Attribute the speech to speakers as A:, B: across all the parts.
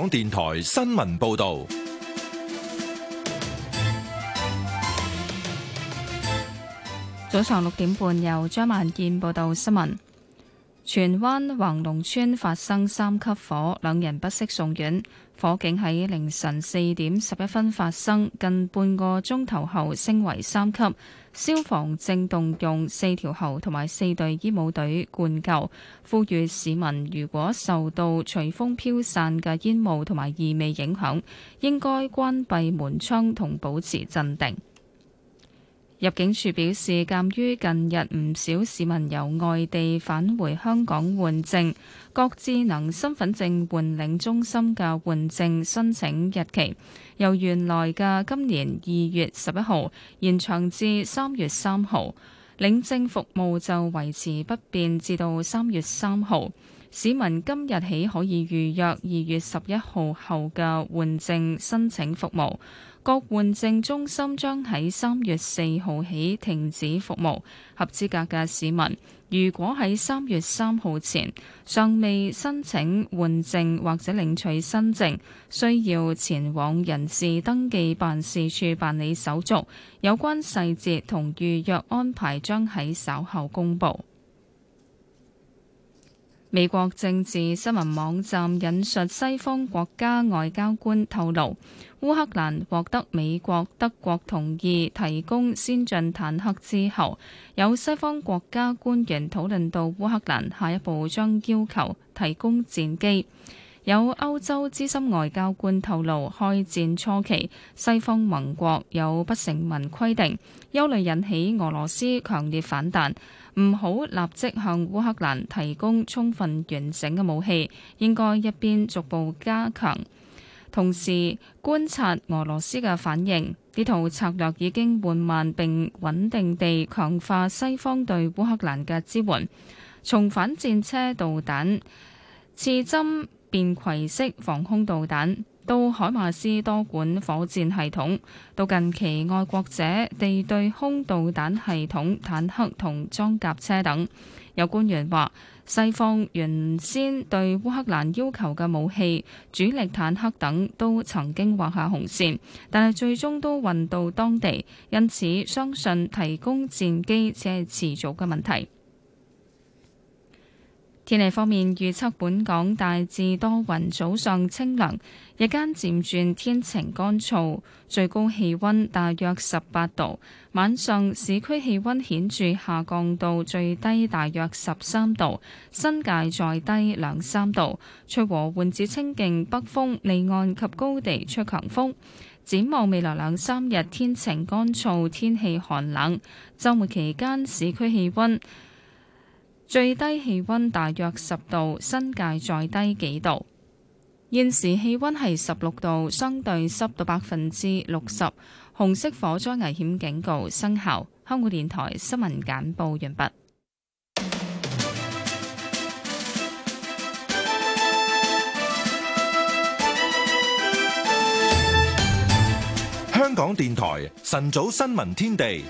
A: 港電台新聞報道，
B: 早上六點半由張萬健報道新聞。荃灣橫龍村發生三級火，兩人不適送院。火警喺凌晨四點十一分發生，近半個鐘頭後升為三級。消防正動用四條喉同埋四隊醫務隊灌救。呼籲市民如果受到隨風飄散嘅煙霧同埋異味影響，應該關閉門窗同保持鎮定。入境處表示，鑑於近日唔少市民由外地返回香港換證，各智能身份證換領中心嘅換證申請日期由原來嘅今年二月十一號延長至三月三號，領證服務就維持不變，至到三月三號。市民今日起可以預約二月十一號後嘅換證申請服務。各換證中心將喺三月四號起停止服務，合資格嘅市民如果喺三月三號前尚未申請換證或者領取新證，需要前往人事登記辦事處辦理手續。有關細節同預約安排將喺稍後公布。美國政治新聞網站引述西方國家外交官透露，烏克蘭獲得美國、德國同意提供先進坦克之後，有西方國家官員討論到烏克蘭下一步將要求提供戰機。有歐洲資深外交官透露，開戰初期西方盟國有不成文規定，憂慮引起俄羅斯強烈反彈。唔好立即向烏克蘭提供充分完整嘅武器，應該一邊逐步加強，同時觀察俄羅斯嘅反應。呢套策略已經緩慢並穩定地強化西方對烏克蘭嘅支援，從反戰車導彈、刺針便攜式防空導彈。到海馬斯多管火箭系統，到近期愛國者地對空導彈系統、坦克同裝甲車等。有官員話，西方原先對烏克蘭要求嘅武器、主力坦克等都曾經劃下紅線，但係最終都運到當地，因此相信提供戰機只係遲早嘅問題。天氣方面預測，預測本港大致多雲，早上清涼，日間漸轉天晴乾燥，最高氣温大約十八度。晚上市區氣温顯著下降到最低大約十三度，新界再低兩三度。吹和緩至清勁北風，離岸及高地吹強風。展望未來兩三日天晴乾燥，天氣寒冷。週末期間市區氣温，最低氣温大約十度，新界再低幾度。現時氣温係十六度，相對濕度百分之六十，紅色火災危險警告生效。香港電台新聞簡報完畢。
A: 香港電台晨早新聞天地。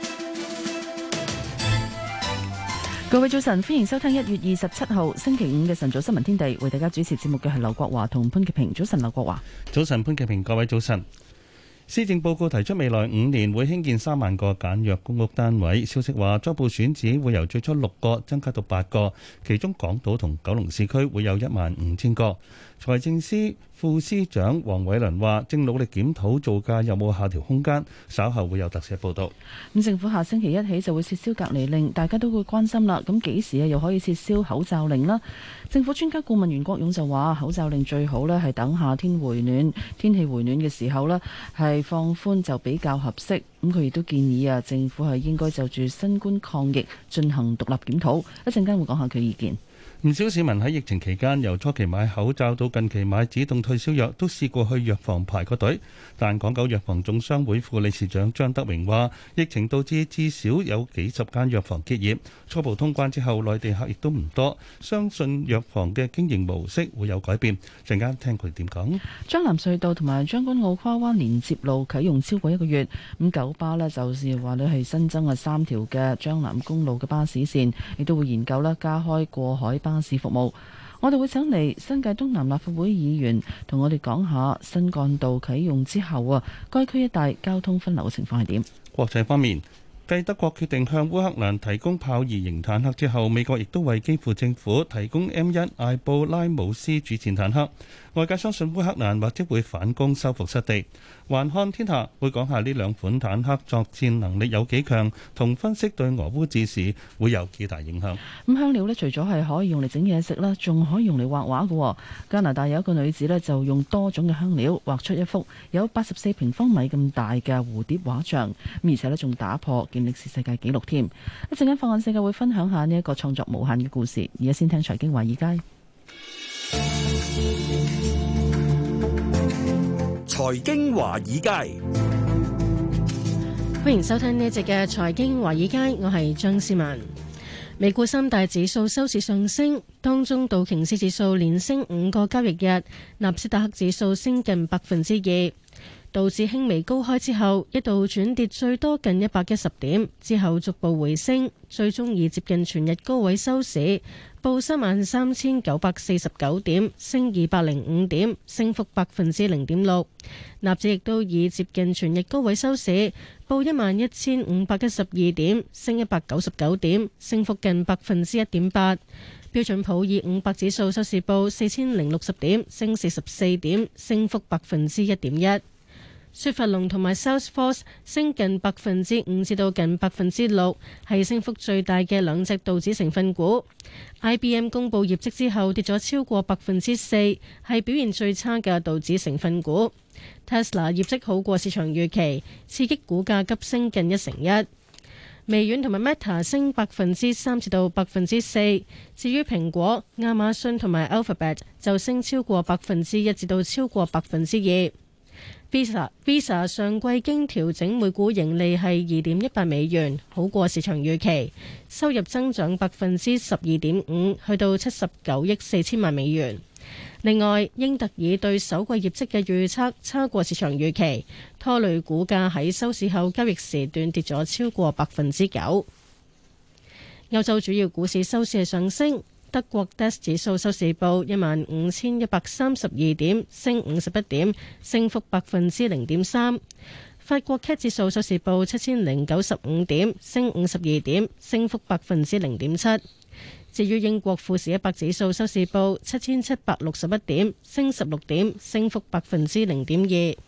C: 各位早晨，歡迎收聽一月二十七號星期五嘅晨早新聞天地，為大家主持節目嘅係劉國華同潘潔平。早晨，劉國華，
D: 早晨，潘潔平。各位早晨。施政報告提出，未來五年會興建三萬個簡約公屋單位。消息話，初步選址會由最初六個增加到八個，其中港島同九龍市區會有一萬五千個。財政司副司長黃偉綸話：正努力檢討造價有冇下調空間，稍後會有特寫報道。
C: 咁政府下星期一起就會撤銷隔離令，大家都會關心啦。咁幾時啊又可以撤銷口罩令呢？政府專家顧問袁國勇就話：口罩令最好咧係等夏天回暖、天氣回暖嘅時候呢，係放寬就比較合適。咁佢亦都建議啊，政府係應該就住新冠抗疫進行獨立檢討。一陣間會講下佢意見。
D: 唔少市民喺疫情期間由初期買口罩到近期買止痛退燒藥，都試過去藥房排個隊。但港九藥房總商會副理事長張德榮話，疫情導致至少有幾十間藥房結業。初步通關之後，內地客亦都唔多，相信藥房嘅經營模式會有改變。陣間聽佢點講。
C: 將藍隧道同埋將軍澳跨灣連接路啟用超過一個月，咁九巴咧就是話咧係新增嘅三條嘅將藍公路嘅巴士線，亦都會研究啦加開過海巴士服務，我哋會請嚟新界東南立法會議員同我哋講下新幹道啟用之後啊，該區一帶交通分流嘅情況係點？
D: 國際方面。繼德國決定向烏克蘭提供豹二型坦克之後，美國亦都為基輔政府提供 M 一艾布拉姆斯主戰坦克。外界相信烏克蘭或者會反攻收復失地。環看天下會講下呢兩款坦克作戰能力有幾強，同分析對俄烏戰事會有幾大影響。
C: 咁香料咧，除咗係可以用嚟整嘢食啦，仲可以用嚟畫畫噶。加拿大有一個女子咧，就用多種嘅香料畫出一幅有八十四平方米咁大嘅蝴蝶畫像，而且咧仲打破。歷史世界紀錄添，一陣間放眼世界會分享下呢一個創作無限嘅故事，而家先聽財經華爾街。
E: 財經華
F: 爾街，
G: 歡迎收聽呢一集嘅財經華爾街，我係張斯文。美股三大指數收市上升，當中道瓊斯指數連升五個交易日，納斯達克指數升近百分之二。道指輕微高開之後，一度轉跌，最多近一百一十點，之後逐步回升，最終以接近全日高位收市，報三萬三千九百四十九點，升二百零五點，升幅百分之零點六。納指亦都以接近全日高位收市，報一萬一千五百一十二點，升一百九十九點，升幅近百分之一點八。標準普爾五百指數收市報四千零六十點，升四十四點，升幅百分之一點一。雪佛龍同埋 Salesforce 升近百分之五至到近百分之六，係升幅最大嘅兩隻道指成分股。IBM 公布業績之後跌咗超過百分之四，係表現最差嘅道指成分股。Tesla 業績好過市場預期，刺激股價急升近一成一。微軟同埋 Meta 升百分之三至到百分之四。至於蘋果、亞馬遜同埋 Alphabet 就升超過百分之一至到超過百分之二。Visa Visa 上季經調整每股盈利係二點一八美元，好過市場預期，收入增長百分之十二點五，去到七十九億四千萬美元。另外，英特爾對首季業績嘅預測差過市場預期，拖累股價喺收市後交易時段跌咗超過百分之九。歐洲主要股市收市係上升。德國 DAX 指數收市報一萬五千一百三十二點，升五十一點，升幅百分之零點三。法國 CAC 指數收市報七千零九十五點，升五十二點，升幅百分之零點七。至於英國富時一百指數收市報七千七百六十一點，升十六點，升幅百分之零點二。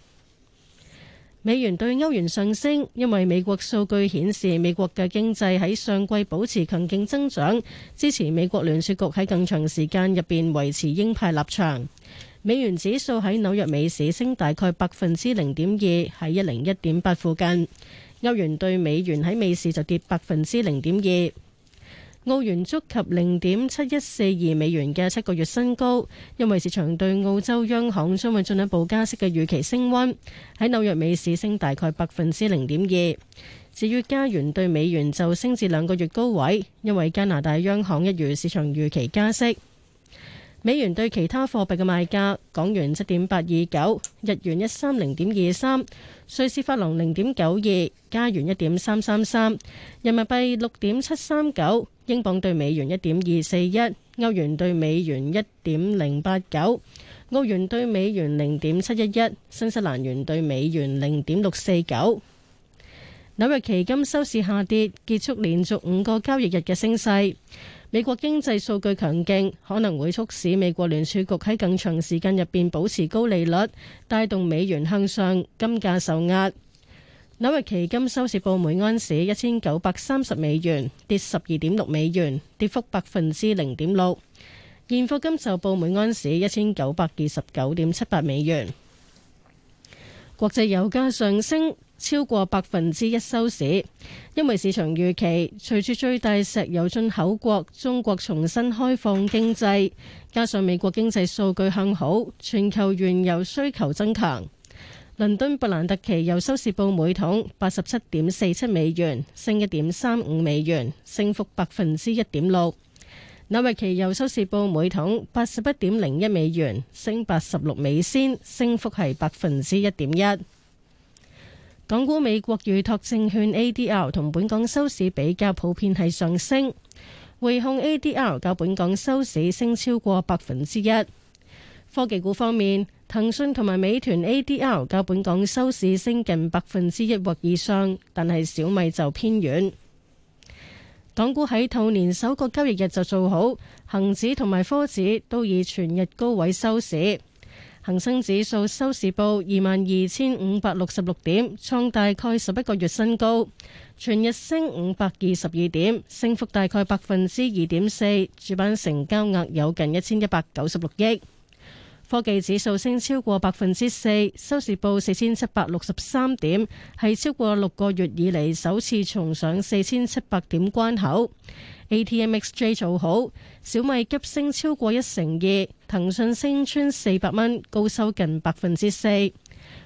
G: 美元對歐元上升，因為美國數據顯示美國嘅經濟喺上季保持強勁增長，支持美國聯儲局喺更長時間入邊維持鷹派立場，美元指數喺紐約美市升大概百分之零點二，喺一零一點八附近。歐元兌美元喺美市就跌百分之零點二。澳元觸及零點七一四二美元嘅七個月新高，因為市場對澳洲央行將會進一步加息嘅預期升溫。喺紐約美市升大概百分之零點二。至於加元對美元就升至兩個月高位，因為加拿大央行一如市場預期加息。美元對其他貨幣嘅賣價：港元七點八二九，日元一三零點二三，瑞士法郎零點九二，加元一點三三三，人民幣六點七三九。英鎊兌美元一點二四一，歐元兌美元一點零八九，澳元兌美元零點七一一，新西蘭元兌美元零點六四九。紐約期金收市下跌，結束連續五個交易日嘅升勢。美國經濟數據強勁，可能會促使美國聯儲局喺更長時間入面保持高利率，帶動美元向上，金價受壓。紐約期金收市報每安士一千九百三十美元，跌十二點六美元，跌幅百分之零點六。現貨金就報每安士一千九百二十九點七八美元。國際油價上升超過百分之一收市，因為市場預期隨住最大石油進口國中國重新開放經濟，加上美國經濟數據向好，全球原油需求增強。倫敦布蘭特期油收市報每桶八十七點四七美元，升一點三五美元，升幅百分之一點六。紐約期油收市報每桶八十一點零一美元，升八十六美仙，升幅係百分之一點一。港股美國預託證券 ADR 同本港收市比較普遍係上升，匯控 ADR 較本港收市升超過百分之一。科技股方面，騰訊同埋美團 ADR 較本港收市升近百分之一或以上，但係小米就偏軟。港股喺兔年首個交易日就做好，恒指同埋科指都以全日高位收市。恒生指數收市報二萬二千五百六十六點，創大概十一個月新高，全日升五百二十二點，升幅大概百分之二點四。主板成交額有近一千一百九十六億。科技指數升超過百分之四，收市報四千七百六十三點，係超過六個月以嚟首次重上四千七百點關口。ATM X J 做好，小米急升超過一成二，騰訊升穿四百蚊，高收近百分之四。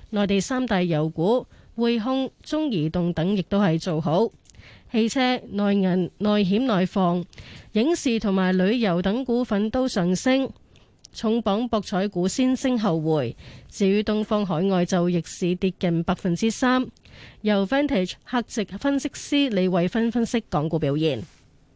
G: 內地三大油股匯控、中移動等亦都係做好。汽車、內銀、內險、內房、影視同埋旅遊等股份都上升。重磅博彩股先升後回，至於東方海外就逆市跌近百分之三。由 Vantage 客席分析師李慧芬分析港股表現。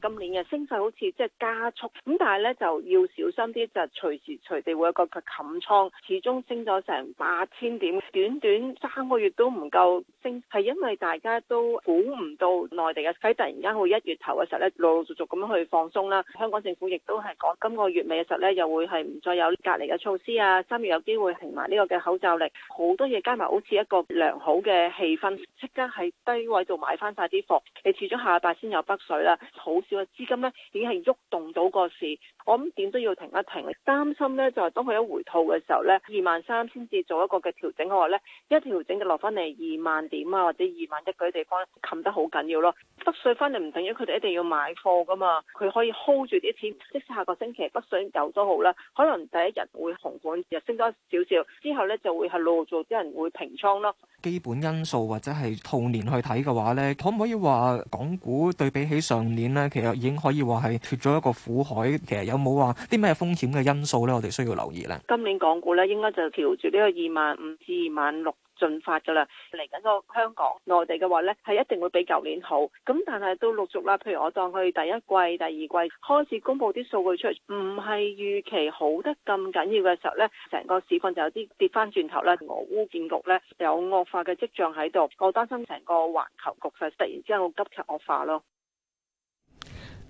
H: 今年嘅升勢好似即係加速，咁但係咧就要小心啲，就隨時隨地會有個佢冚倉，始終升咗成八千點，短短三個月都唔夠升，係因為大家都估唔到內地嘅喺突然間會一月頭嘅時候咧，陸陸續續咁去放鬆啦。香港政府亦都係講今個月尾嘅時候咧，又會係唔再有隔離嘅措施啊，三月有機會停埋呢個嘅口罩令，好多嘢加埋好似一個良好嘅氣氛，即刻喺低位度買翻晒啲貨，你始終下拜先有北水啦，好。少嘅資金呢已經係喐動到個市。我諗點都要停一停，擔心咧就係當佢一回吐嘅時候咧，二萬三先至做一個嘅調整嘅話咧，一調整就落翻嚟二萬點啊或者二萬一嗰啲地方冚得好緊要咯。北水翻嚟唔等於佢哋一定要買貨噶嘛，佢可以 hold 住啲錢，即使下個星期北水有多好啦，可能第一日會紅盤又升多少少，之後咧就會係陸續，啲人會平倉咯。
I: 基本因素或者係兔年去睇嘅話咧，可唔可以話港股對比起上年咧，其實已經可以話係脫咗一個苦海，其實有。冇話啲咩風險嘅因素呢，我哋需要留意呢。
H: 今年港股呢，應該就朝住呢個二萬五至二萬六進發噶啦。嚟緊個香港內地嘅話呢，係一定會比舊年好。咁但係都陸續啦，譬如我當佢第一季、第二季開始公布啲數據出嚟，唔係預期好得咁緊要嘅時候呢，成個市況就有啲跌翻轉頭啦。俄烏戰局呢，有惡化嘅跡象喺度，我擔心成個環球局勢突然之間會急劇惡化咯。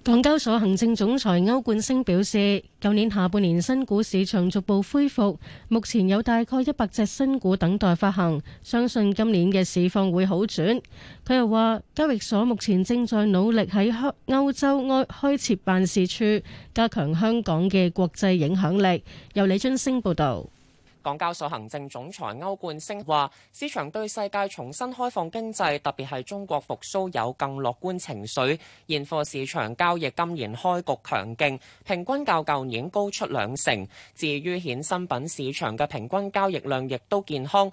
G: 港交所行政總裁歐冠星表示，舊年下半年新股市場逐步恢復，目前有大概一百隻新股等待發行，相信今年嘅市況會好轉。佢又話，交易所目前正在努力喺歐洲開設辦事處，加強香港嘅國際影響力。由李津升報道。
I: 港交所行政總裁歐冠升話，市場對世界重新開放經濟，特別係中國復蘇有更樂觀情緒。現貨市場交易今年開局強勁，平均較舊年高出兩成。至於衍生品市場嘅平均交易量亦都健康。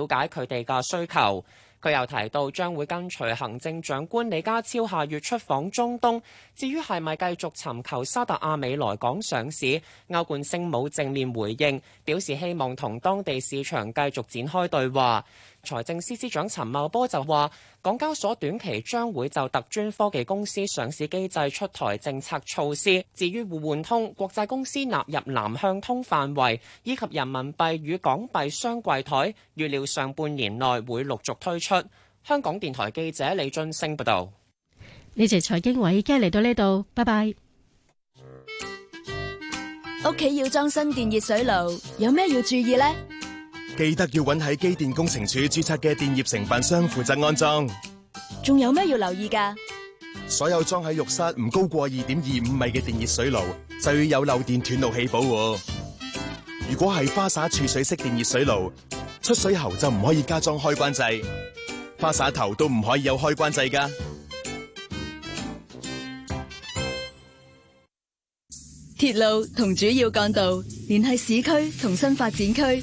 I: 了解佢哋嘅需求。佢又提到將會跟隨行政長官李家超下月出訪中東。至於係咪繼續尋求沙特阿美來港上市，歐冠昇冇正面回應，表示希望同當地市場繼續展開對話。財政司司長陳茂波就話，港交所短期將會就特專科技公司上市機制出台政策措施。至於互換通、國際公司納入南向通範圍以及人民幣與港幣雙櫃台，預料上半年內會陸續推出。香港電台記者李俊星報道。
G: 呢節財經委今日嚟到呢度，拜拜。屋企要裝新電熱水爐，有咩要注意呢？」
F: 記得要揾喺機電工程處註冊嘅電業承辦商負責安裝。
J: 仲有咩要留意噶？
F: 所有裝喺浴室唔高過二點二五米嘅電熱水爐，就要有漏電斷路器保護。如果係花灑儲水式電熱水爐，出水喉就唔可以加裝開關掣，花灑頭都唔可以有開關掣噶。
K: 鐵路同主要幹道連繫市區同新發展區。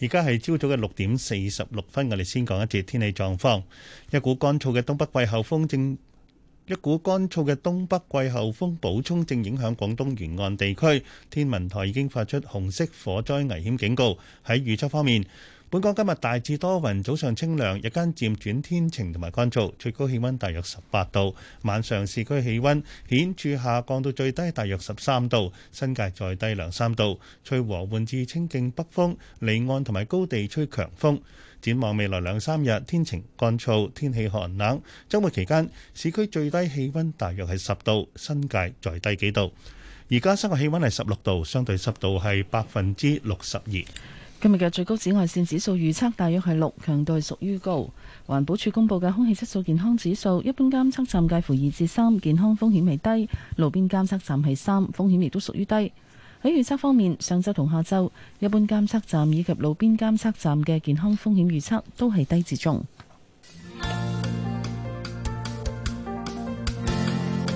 D: 而家係朝早嘅六點四十六分，我哋先講一節天氣狀況。一股乾燥嘅東北季候風正，一股乾燥嘅東北季候風補充正影響廣東沿岸地區，天文台已經發出紅色火災危險警告。喺預測方面。本港今日大致多雲，早上清涼，日間漸轉天晴同埋乾燥，最高氣溫大約十八度。晚上市區氣溫顯著下降到最低大約十三度，新界再低兩三度。吹和緩至清勁北風，離岸同埋高地吹強風。展望未來兩三日天晴乾燥，天氣寒冷。週末期間市區最低氣溫大約係十度，新界再低幾度。而家室外氣溫係十六度，相對濕度係百分之六十二。今
C: 日嘅最高紫外線指數預測大約係六，強度係屬於高。環保署公布嘅空氣質素健康指數，一般監測站介乎二至三，健康風險係低；路邊監測站係三，風險亦都屬於低。喺預測方面，上周同下周，一般監測站以及路邊監測站嘅健康風險預測都係低至中。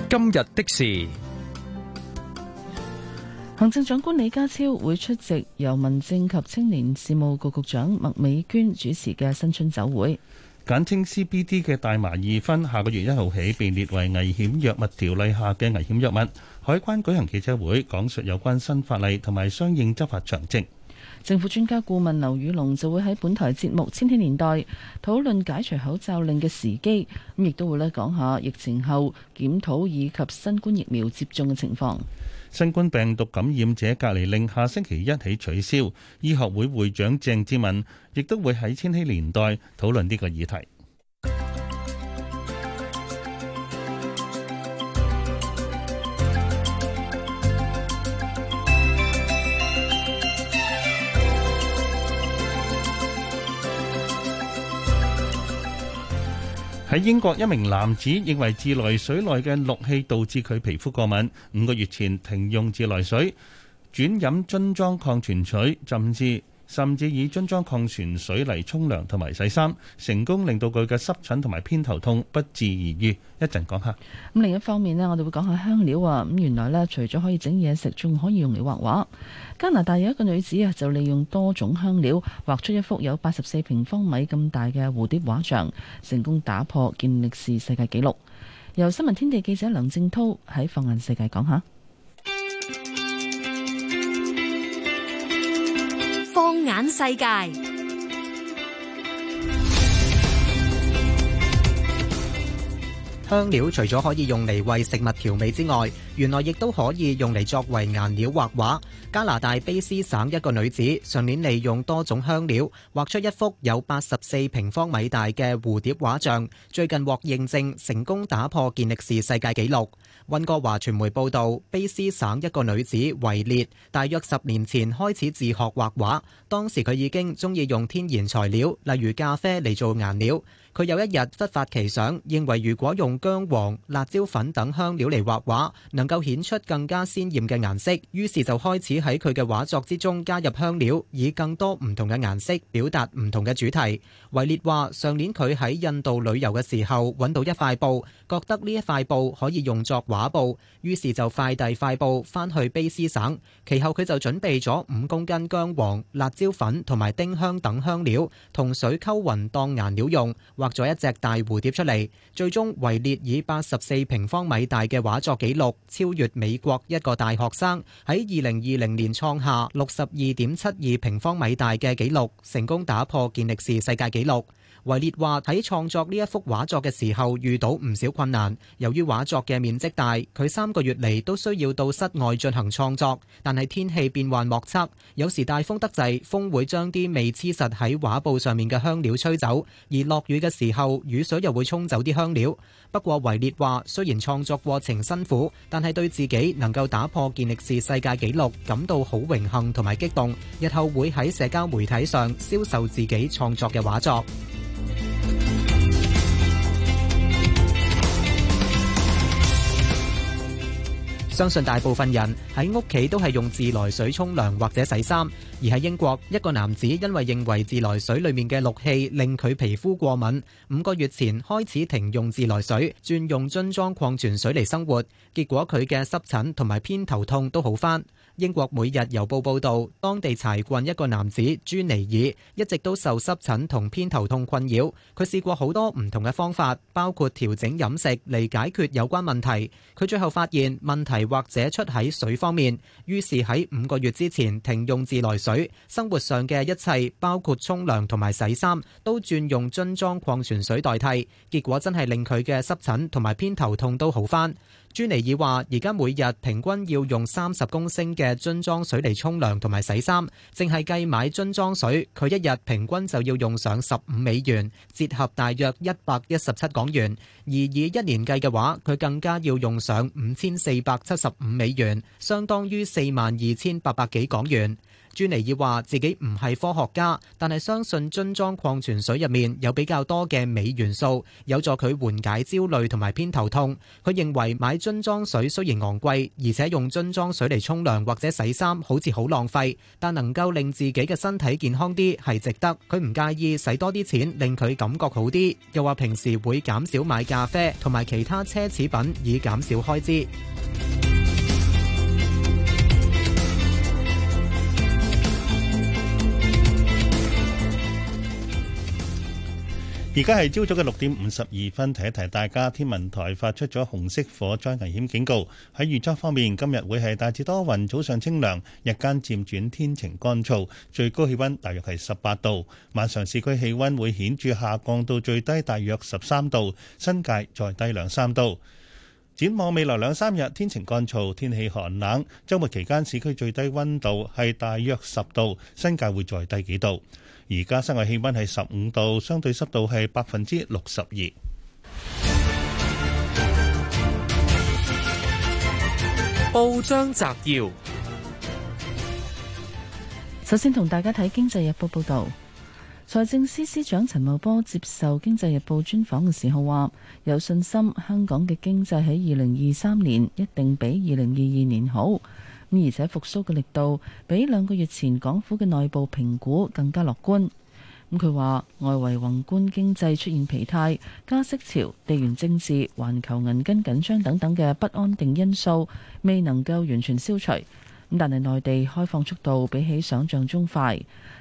L: 今日的事。
C: 行政長官李家超會出席由民政及青年事務局局長麥美娟主持嘅新春酒會。
D: 簡稱 CBD 嘅大麻二酚下個月一號起被列為危險藥物條例下嘅危險藥物。海關舉行記者會，講述有關新法例同埋相應執法詳情。政府專家顧
C: 問劉宇龍就會喺本台節目《千禧年代》討論解除口罩令嘅時機，咁亦都會咧講下疫情後檢討以及新冠疫苗接種嘅情況。
D: 新冠病毒感染者隔離令下星期一起取消，醫學會會長鄭志文亦都會喺千禧年代討論呢個議題。喺英國，一名男子認為自來水內嘅氯氣導致佢皮膚過敏，五個月前停用自來水，轉飲樽裝礦泉水，甚至甚至以樽裝礦泉水嚟沖涼同埋洗衫，成功令到佢嘅濕疹同埋偏頭痛不治而愈。一陣講下。咁
C: 另一方面呢，我哋會講下香料啊。咁原來呢，除咗可以整嘢食，仲可以用嚟畫畫。加拿大有一個女子啊，就利用多種香料畫出一幅有八十四平方米咁大嘅蝴蝶畫像，成功打破健力士世界紀錄。由新聞天地記者梁正濤喺放眼世界講下。說說
I: 放眼世界。
M: 香料除咗可以用嚟為食物調味之外，原來亦都可以用嚟作為顏料畫畫。加拿大卑詩省一個女子上年利用多種香料畫出一幅有八十四平方米大嘅蝴蝶畫像，最近獲認證成功打破健力士世界紀錄。溫哥華傳媒報導，卑詩省一個女子維列，大約十年前開始自學畫畫，當時佢已經鍾意用天然材料，例如咖啡嚟做顏料。佢有一日忽發奇想，認為如果用薑黃、辣椒粉等香料嚟畫畫，能夠顯出更加鮮豔嘅顏色，於是就開始喺佢嘅畫作之中加入香料，以更多唔同嘅顏色表達唔同嘅主題。維列話：上年佢喺印度旅遊嘅時候，揾到一塊布，覺得呢一塊布可以用作畫布，於是就快遞塊布翻去卑詩省。其後佢就準備咗五公斤薑黃、辣椒粉同埋丁香等香料，同水溝勻當顏料用。畫咗一隻大蝴蝶出嚟。最終維列以八十四平方米大嘅畫作紀錄，超越美國一個大學生喺二零二零年創下六十二點七二平方米大嘅紀錄，成功打破健力士世界紀錄。維列話喺創作呢一幅畫作嘅時候遇到唔少困難。由於畫作嘅面積大，佢三個月嚟,都需要到室外進行創作。但係天氣變幻莫測，有時大風得滯，風會將啲未黐實喺畫布上面嘅香料吹走；而落雨嘅時候，雨水又會沖走啲香料。不過維列話，雖然創作過程辛苦，但係對自己能夠打破健力士世界紀錄感到好榮幸同埋激動。日後會喺社交媒體上銷售自己創作嘅畫作。相信大部分人喺屋企都係用自來水沖涼或者洗衫，而喺英國，一個男子因為認為自來水裏面嘅氯氣令佢皮膚過敏，五個月前開始停用自來水，轉用樽裝礦泉水嚟生活，結果佢嘅濕疹同埋偏頭痛都好翻。英國每日郵報報道，當地柴郡一個男子朱尼爾一直都受濕疹同偏頭痛困擾，佢試過好多唔同嘅方法，包括調整飲食嚟解決有關問題。佢最後發現問題或者出喺水方面，於是喺五個月之前停用自來水，生活上嘅一切包括沖涼同埋洗衫都轉用樽裝礦泉水代替，結果真係令佢嘅濕疹同埋偏頭痛都好返。朱尼爾話：而家每日平均要用三十公升嘅樽裝水嚟沖涼同埋洗衫，淨係計買樽裝水，佢一日平均就要用上十五美元，折合大約一百一十七港元。而以一年計嘅話，佢更加要用上五千四百七十五美元，相當於四萬二千八百幾港元。朱尼爾話：自己唔係科學家，但係相信樽裝礦泉水入面有比較多嘅鎂元素，有助佢緩解焦慮同埋偏頭痛。佢認為買樽裝水雖然昂貴，而且用樽裝水嚟沖涼或者洗衫好似好浪費，但能夠令自己嘅身體健康啲係值得。佢唔介意使多啲錢，令佢感覺好啲。又話平時會減少買咖啡同埋其他奢侈品，以減少開支。
D: 而家係朝早嘅六點五十二分，提一提大家，天文台發出咗紅色火災危險警告。喺預測方面，今日會係大致多雲，早上清涼，日間漸轉天晴乾燥，最高氣溫大約係十八度。晚上市區氣溫會顯著下降到最低大約十三度，新界再低兩三度。展望未來兩三日，天晴乾燥，天氣寒冷。周末期間，市區最低溫度係大約十度，新界會再低幾度。而家室外氣溫係十五度，相對濕度係百分之六十二。
H: 報
N: 章摘要，
C: 首先同大家睇《經濟日報》報導，財政司司長陳茂波接受《經濟日報》專訪嘅時候話：有信心，香港嘅經濟喺二零二三年一定比二零二二年好。而且復甦嘅力度比兩個月前港府嘅內部評估更加樂觀，咁佢話外圍宏觀經濟出現疲態、加息潮、地緣政治、環球銀根緊張等等嘅不安定因素未能夠完全消除。咁但係內地開放速度比起想象中快，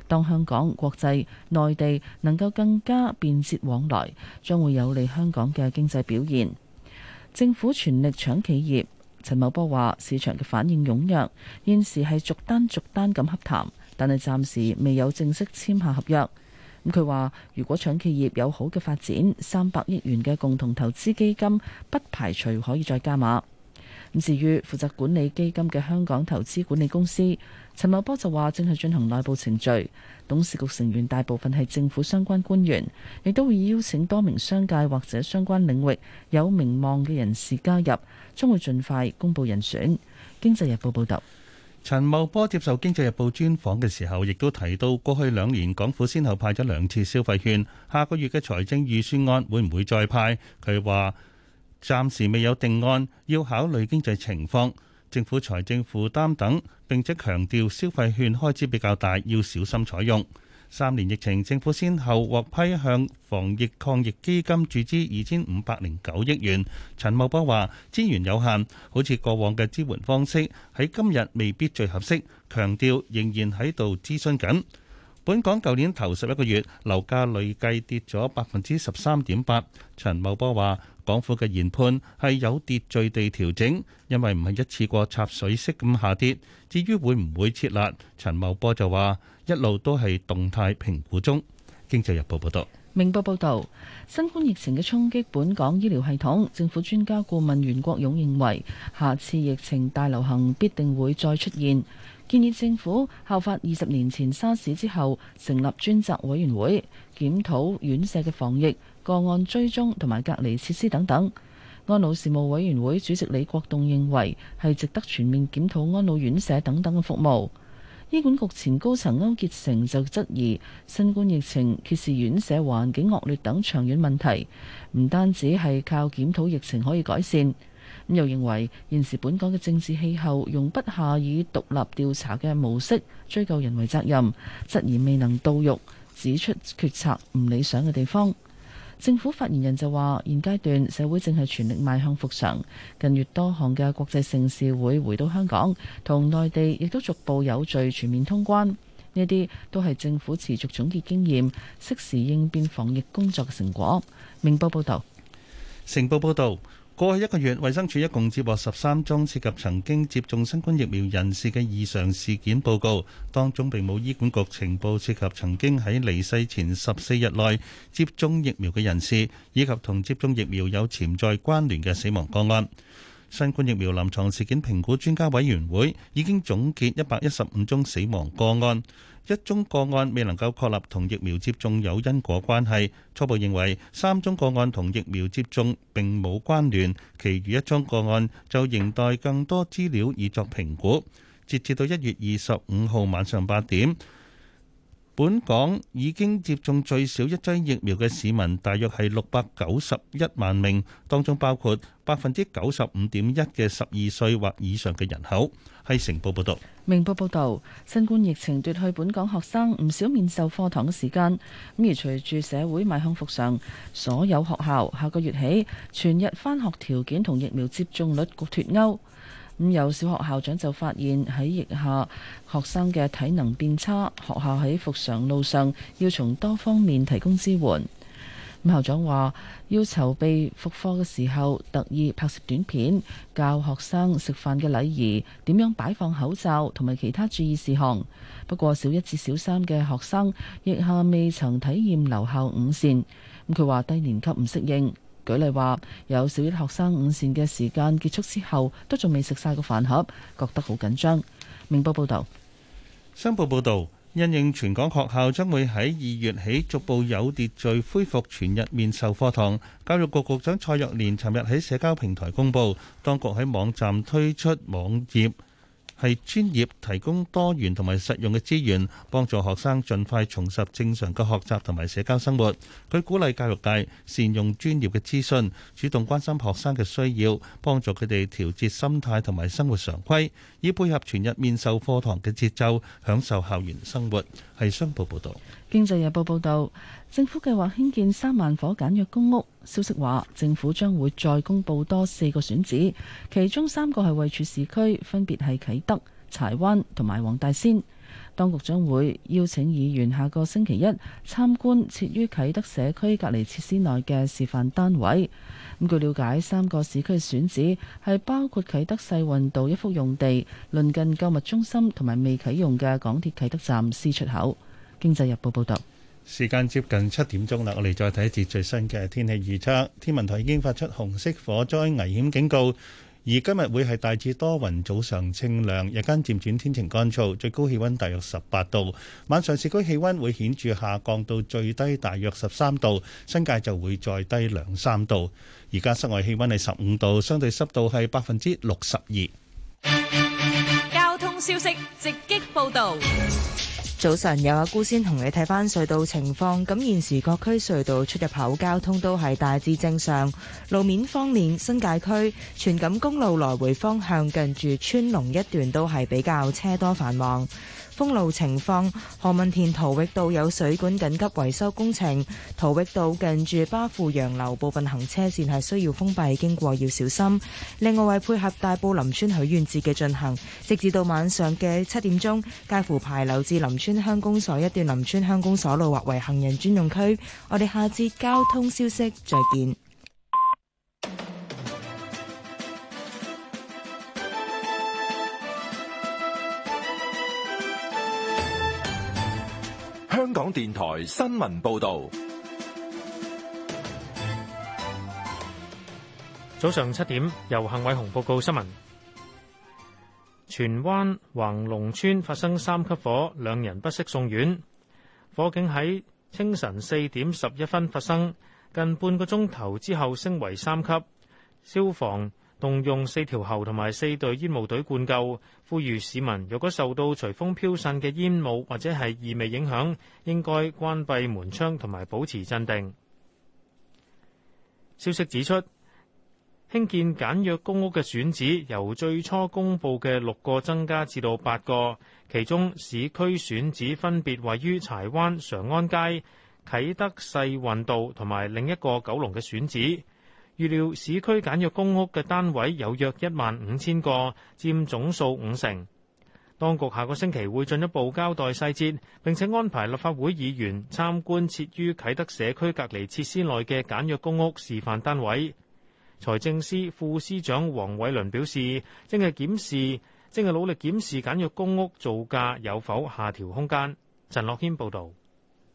C: 當香港、國際、內地能夠更加便捷往來，將會有利香港嘅經濟表現，政府全力搶企業。陳茂波話：市場嘅反應踊躍，現時係逐單逐單咁洽談，但係暫時未有正式簽下合約。咁佢話如果搶企業有好嘅發展，三百億元嘅共同投資基金不排除可以再加碼。咁至於負責管理基金嘅香港投資管理公司，陳茂波就話正係進行內部程序。董事局成員大部分係政府相關官員，亦都會邀請多名商界或者相關領域有名望嘅人士加入，將會盡快公布人選。經濟
D: 日報報道，陳茂波接受經濟日報專訪嘅時候，亦都提到過去兩年港府先後派咗兩次消費券，下個月嘅財政預算案會唔會再派？佢話暫時未有定案，要考慮經濟情況。政府財政負擔等，並且強調消費券開支比較大，要小心採用。三年疫情，政府先後獲批向防疫抗疫基金注資二千五百零九億元。陳茂波話：資源有限，好似過往嘅支援方式，喺今日未必最合適，強調仍然喺度諮詢緊。本港舊年頭十一個月樓價累計跌咗百分之十三點八。陳茂波話。港府嘅研判係有秩序地調整，因為唔係一次過插水式咁下跌。至於會唔會設立，陳茂波就話一路都係動態評估中。經濟日報報道，
C: 明報報道，新冠疫情嘅衝擊本港醫療系統，政府專家顧問袁國勇認為，下次疫情大流行必定會再出現，建議政府效法二十年前沙士之後成立專責委員會，檢討院舍嘅防疫。個案追蹤同埋隔離設施等等，安老事務委員會主席李國棟認為係值得全面檢討安老院舍等等嘅服務。醫管局前高層區結成就質疑，新冠疫情揭示院舍環境惡劣等長遠問題，唔單止係靠檢討疫情可以改善。咁又認為現時本港嘅政治氣候容不下以獨立調查嘅模式追究人為責任，質疑未能到獄，指出決策唔理想嘅地方。政府發言人就話：現階段社會正係全力邁向復常，近月多項嘅國際盛事會回到香港，同內地亦都逐步有序全面通關，呢啲都係政府持續
D: 總結經驗、
C: 適時應變防疫工作嘅成果。明報報導，
D: 成報報導。過去一個月，衛生署一共接獲十三宗涉及曾經接種新冠疫苗人士嘅異常事件報告，當中並冇醫管局情報涉及曾經喺離世前十四日內接種疫苗嘅人士，以及同接種疫苗有潛在關聯嘅死亡個案。新冠疫苗臨床事件評估專家委員會已經總結一百一十五宗死亡個案。一宗個案未能夠確立同疫苗接種有因果關係，初步認為，三宗個案同疫苗接種並冇關聯，其餘一宗個案就仍待更多資料以作評估。截至到一月二十五號晚上八點，本港已經接種最少一劑疫苗嘅市民，大約係六百九十一萬名，當中包括百分之九十五點一嘅十二歲或以上嘅人口。係成報報導，
C: 明報報道，新冠疫情奪去本港學生唔少面授課堂嘅時間。咁而隨住社會邁向復常，所有學校下個月起全日返學條件同疫苗接種率脫鈎。咁、嗯、有小學校長就發現喺疫下學生嘅體能變差，學校喺復常路上要從多方面提供支援。咁、嗯、校長話要籌備復課嘅時候，特意拍攝短片教學生食飯嘅禮儀，點樣擺放口罩同埋其他注意事項。不過小一至小三嘅學生疫下未曾體驗留校午膳，佢、嗯、話低年級唔適應。舉例話，有小學生午膳嘅時間結束之後，都仲未食晒個飯盒，覺得好緊張。明報報導，
D: 商報報導，因應全港學校將會喺二月起逐步有秩序恢復全日面授課堂。教育局局長蔡若蓮尋日喺社交平台公布，當局喺網站推出網頁。係專業提供多元同埋實用嘅資源，幫助學生盡快重拾正常嘅學習同埋社交生活。佢鼓勵教育界善用專業嘅資訊，主動關心學生嘅需要，幫助佢哋調節心態同埋生活常規，以配合全日面授課堂嘅節奏，享受校園生活。係商報報道。
C: 《經濟日報》報道。政府計劃興建三萬伙簡約公屋。消息話，政府將會再公佈多四個選址，其中三個係位處市區，分別係啟德、柴灣同埋黃大仙。當局將會邀請議員下個星期一參觀設於啟德社區隔離設施內嘅示範單位。咁據了解，三個市區嘅選址係包括啟德世運道一幅用地，鄰近購物中心同埋未啟用嘅港鐵啟德站 C 出口。經濟日報報
D: 導。時間接近七點鐘啦，我哋再睇一次最新嘅天氣預測。天文台已經發出紅色火災危險警告，而今日會係大致多雲，早上清涼，日間漸轉天晴乾燥，最高氣溫大約十八度，晚上市區氣溫會顯著下降到最低大約十三度，新界就會再低兩三度。而家，室外氣溫係十五度，相對濕度係百分之六十二。
G: 交通消息直擊報道。
D: 早晨，有阿姑先同你睇
K: 翻隧道情況。咁現時各區隧道出入口交通都係大致正常。路面方面，新界區荃錦公路來回方向近住川龍一段都係比較車多繁忙。公路情況，何文田桃域道有水管緊急維修工程，桃域道近住巴富洋樓部分行車線係需要封閉，經過要小心。另外，為配合大埔林村許願節嘅進行，直至到晚上嘅七點鐘，介乎牌樓至林村鄉公所一段林村鄉公所路劃為行人專用區。我哋下節交通消息再見。
A: 香港電
L: 台新聞報道，早上七點，由幸偉雄報告新聞。荃灣橫龍村發生三級火，兩人不適送院。火警喺清晨四點十一分發生，近半個鐘頭之後升為三級。消防動用四條喉同埋四隊煙霧隊灌救，呼籲市民若果受到隨風飄散嘅煙霧或者係異味影響，應該關閉門窗同埋保持鎮定。消息指出，興建簡約公屋嘅選址由最初公佈嘅六個增加至到八個，其中市區選址分別位於柴灣常安街、啟德世運道同埋另一個九龍嘅選址。預料市區簡約公屋嘅單位有約一萬五千個，佔總數五成。當局下個星期會進一步交代細節，並且安排立法會議員參觀設於啟德社區隔離設施內嘅簡約公屋示範單位。財政司副司長黃偉綸表示，正係檢視，正係努力檢視簡約公屋造價有否下調空間。陳樂天報導。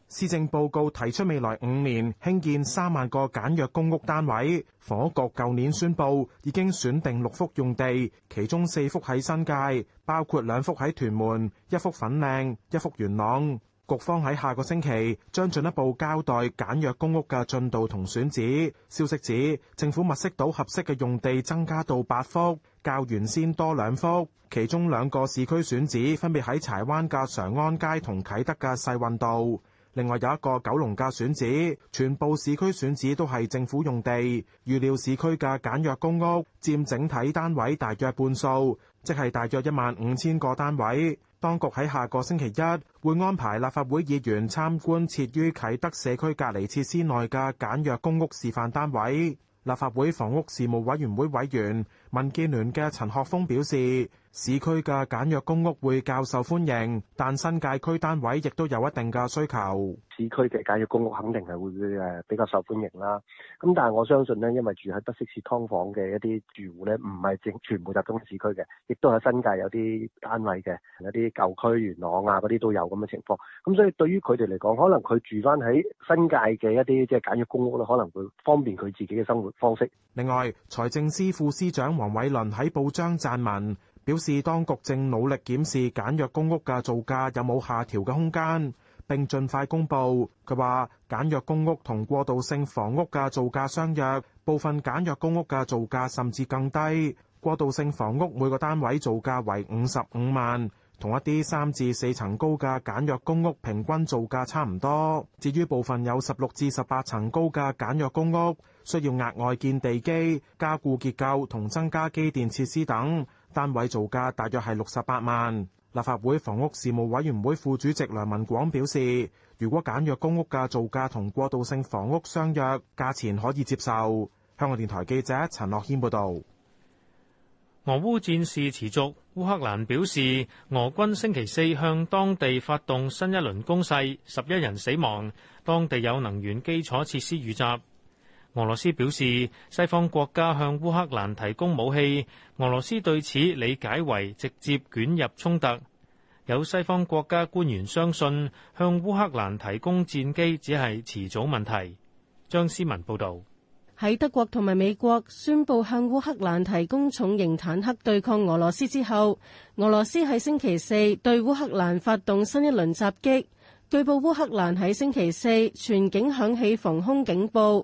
F: 施政報告提出未來五年興建三萬個簡約公屋單位。房屋局舊年宣布已經選定六幅用地，其中四幅喺新界，包括兩幅喺屯門、一幅粉嶺、一幅元朗。局方喺下個星期將進一步交代簡約公屋嘅進度同選址。消息指政府物色到合適嘅用地增加到八幅，較原先多兩幅，其中兩個市區選址分別喺柴灣嘅常安街同啟德嘅世運道。另外有一個九龍嘅選址，全部市區選址都係政府用地。預料市區嘅簡約公屋佔整體單位大約半數，即係大約一萬五千個單位。當局喺下個星期一會安排立法會議員參觀設於啟德社區隔離設施內嘅簡約公屋示範單位。立法會房屋事務委員會委員、民建聯嘅陳學峰表示。市區嘅簡約公屋會較受歡迎，但新界區單位亦都有一定嘅需求。
J: 市區嘅簡約公屋肯定係會誒比較受歡迎啦。咁但係我相信呢，因為住喺不適切劏房嘅一啲住戶呢，唔係整全部集中市區嘅，亦都喺新界有啲單位嘅，有啲舊區元朗啊嗰啲都有咁嘅情況。咁所以對於佢哋嚟講，可能佢住翻喺新界嘅一啲即係簡約公屋咧，可能會方便佢自己嘅生活方式。
F: 另外，財政司副司長黃偉綸喺報章撰文。表示，當局正努力檢視簡約公屋嘅造價有冇下調嘅空間，並盡快公佈。佢話，簡約公屋同過渡性房屋嘅造價相若，部分簡約公屋嘅造價甚至更低。過渡性房屋每個單位造價為五十五萬，同一啲三至四層高嘅簡約公屋平均造價差唔多。至於部分有十六至十八層高嘅簡約公屋，需要額外建地基、加固結構同增加機電設施等。單位造價大約係六十八萬。立法會房屋事務委員會副主席梁文廣表示，如果簡約公屋嘅造價同過渡性房屋相若，價錢可以接受。香港電台記者陳諾謙報導。
L: 俄烏戰事持續，烏克蘭表示俄軍星期四向當地發動新一輪攻勢，十一人死亡，當地有能源基礎設施遇襲。俄羅斯表示，西方國家向烏克蘭提供武器，俄羅斯對此理解為直接捲入衝突。有西方國家官員相信，向烏克蘭提供戰機只係遲早問題。張思文報道：
G: 喺德國同埋美國宣布向烏克蘭提供重型坦克對抗俄羅斯之後，俄羅斯喺星期四對烏克蘭發動新一輪襲擊。據報，烏克蘭喺星期四全境響起防空警報。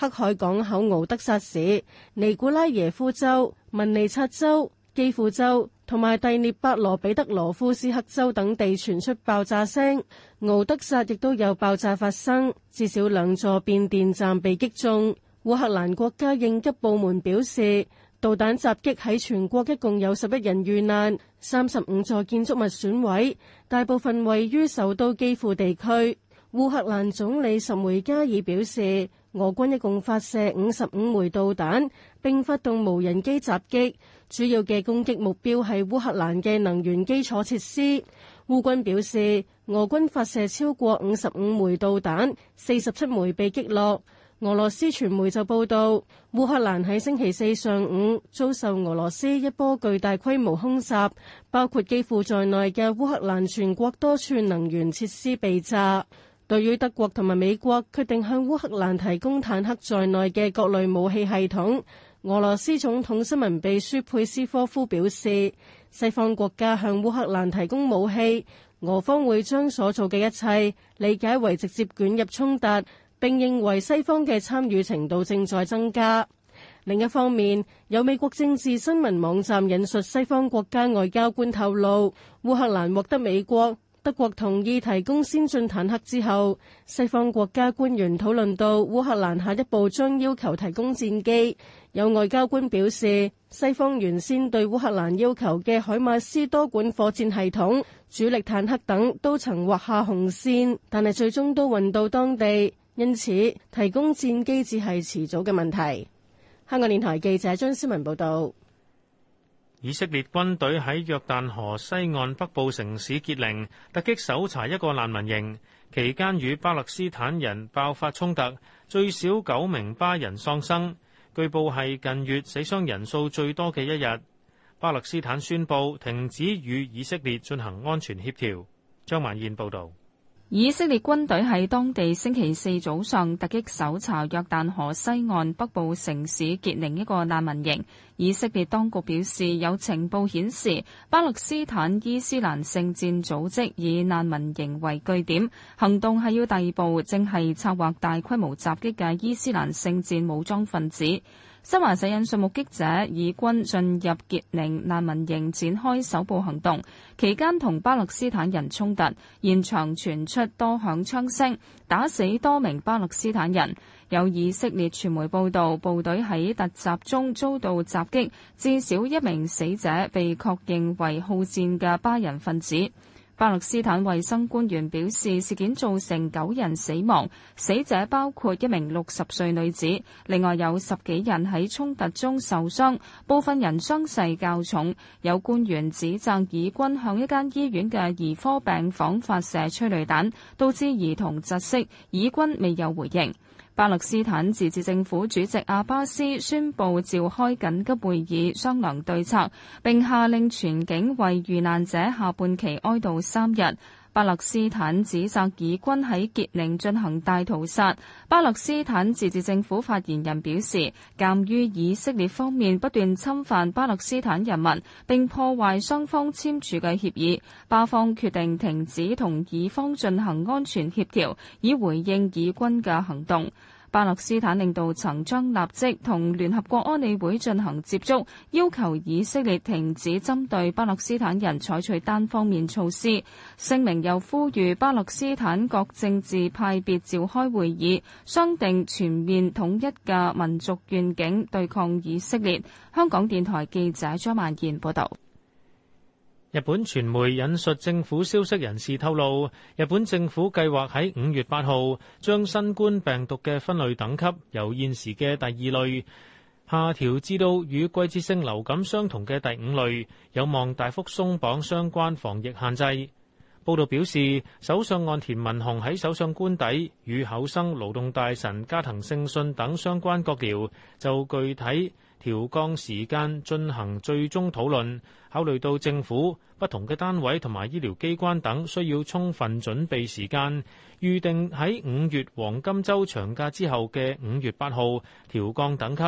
G: 黑海港口敖德薩市、尼古拉耶夫州、文尼察州、基輔州同埋蒂涅伯羅彼得羅夫斯克州等地傳出爆炸聲，敖德薩亦都有爆炸發生，至少兩座變電站被擊中。烏克蘭國家應急部門表示，導彈襲擊喺全國一共有十一人遇難，三十五座建築物損毀，大部分位於首都基輔地區。烏克蘭總理什梅加爾表示。俄軍一共發射五十五枚導彈，並發動無人機襲擊，主要嘅攻擊目標係烏克蘭嘅能源基礎設施。烏軍表示，俄軍發射超過五十五枚導彈，四十七枚被擊落。俄羅斯傳媒就報道，烏克蘭喺星期四上午遭受俄羅斯一波巨大規模空襲，包括基輔在內嘅烏克蘭全國多處能源設施被炸。對於德國同埋美國決定向烏克蘭提供坦克在內嘅各類武器系統，俄羅斯總統新聞秘書佩斯科夫表示，西方國家向烏克蘭提供武器，俄方會將所做嘅一切理解為直接捲入衝突，並認為西方嘅參與程度正在增加。另一方面，有美國政治新聞網站引述西方國家外交官透露，烏克蘭獲得美國。德國同意提供先進坦克之後，西方國家官員討論到烏克蘭下一步將要求提供戰機。有外交官表示，西方原先對烏克蘭要求嘅海馬斯多管火箭系統、主力坦克等都曾劃下紅線，但係最終都運到當地，因此提供戰機只係遲早嘅問題。香港電台記者張思文報道。
L: 以色列軍隊喺約旦河西岸北部城市傑寧突擊搜查一個難民營，期間與巴勒斯坦人爆發衝突，最少九名巴人喪生，據報係近月死傷人數最多嘅一日。巴勒斯坦宣布停止與以色列進行安全協調。張萬燕報導。
B: 以色列軍隊喺當地星期四早上突擊搜查約旦河西岸北部城市傑寧一個難民營。以色列當局表示，有情報顯示巴勒斯坦伊斯蘭聖戰組織以難民營為據點，行動係要逮捕，正係策劃大規模襲擊嘅伊斯蘭聖戰武裝分子。新華社引述目擊者，以軍進入傑寧難民營展開搜捕行動，期間同巴勒斯坦人衝突，現場傳出多響槍聲，打死多名巴勒斯坦人。有以色列傳媒報道，部隊喺突襲中遭到襲擊，至少一名死者被確認為好戰嘅巴人分子。巴勒斯坦衛生官員表示，事件造成九人死亡，死者包括一名六十歲女子，另外有十幾人喺衝突中受傷，部分人傷勢較重。有官員指責以軍向一間醫院嘅兒科病房發射催淚彈，導致兒童窒息。以軍未有回應。巴勒斯坦自治政府主席阿巴斯宣布召開緊急會議，商量對策，並下令全境為遇難者下半旗哀悼三日。巴勒斯坦指責以軍喺傑寧進行大屠殺。巴勒斯坦自治政府發言人表示，鑑於以色列方面不斷侵犯巴勒斯坦人民，並破壞雙方簽署嘅協議，巴方決定停止同以方進行安全協調，以回應以軍嘅行動。巴勒斯坦領導層將立即同聯合國安理會進行接觸，要求以色列停止針對巴勒斯坦人採取單方面措施。聲明又呼籲巴勒斯坦各政治派別召開會議，商定全面統一嘅民族願景，對抗以色列。香港電台記者張萬燕報道。
L: 日本傳媒引述政府消息人士透露，日本政府計劃喺五月八號將新冠病毒嘅分類等級由現時嘅第二類下調至到與季節性流感相同嘅第五類，有望大幅鬆綁相關防疫限制。報道表示，首相岸田文雄喺首相官邸與厚生勞動大臣加藤勝信等相關閣僚就具體調降時間進行最終討論，考慮到政府不同嘅單位同埋醫療機關等需要充分準備時間，預定喺五月黃金周長假之後嘅五月八號調降等級。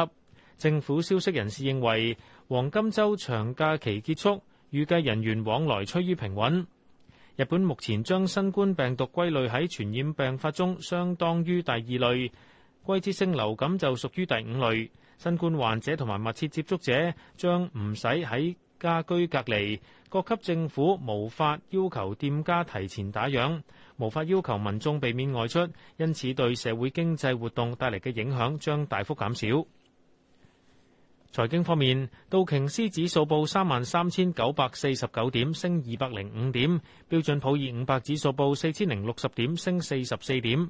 L: 政府消息人士認為，黃金周長假期結束，預計人員往來趨於平穩。日本目前將新冠病毒歸類喺傳染病法中相當於第二類。季節性流感就屬於第五類，新冠患者同埋密切接觸者將唔使喺家居隔離。各級政府無法要求店家提前打烊，無法要求民眾避免外出，因此對社會經濟活動帶嚟嘅影響將大幅減少。財經方面，道瓊斯指數報三萬三千九百四十九點，升二百零五點；標準普爾五百指數報四千零六十點，升四十四點。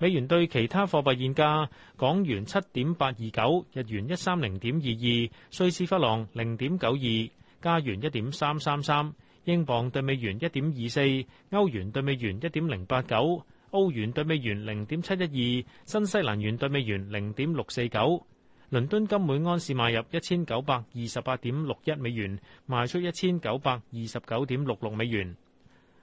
L: 美元兌其他貨幣現價：港元七點八二九，日元一三零點二二，瑞士法郎零點九二，加元一點三三三，英鎊對美元一點二四，歐元對美元一點零八九，歐元對美元零點七一二，新西蘭元對美元零點六四九。倫敦金每安士賣入一千九百二十八點六一美元，賣出一千九百二十九點六六美元。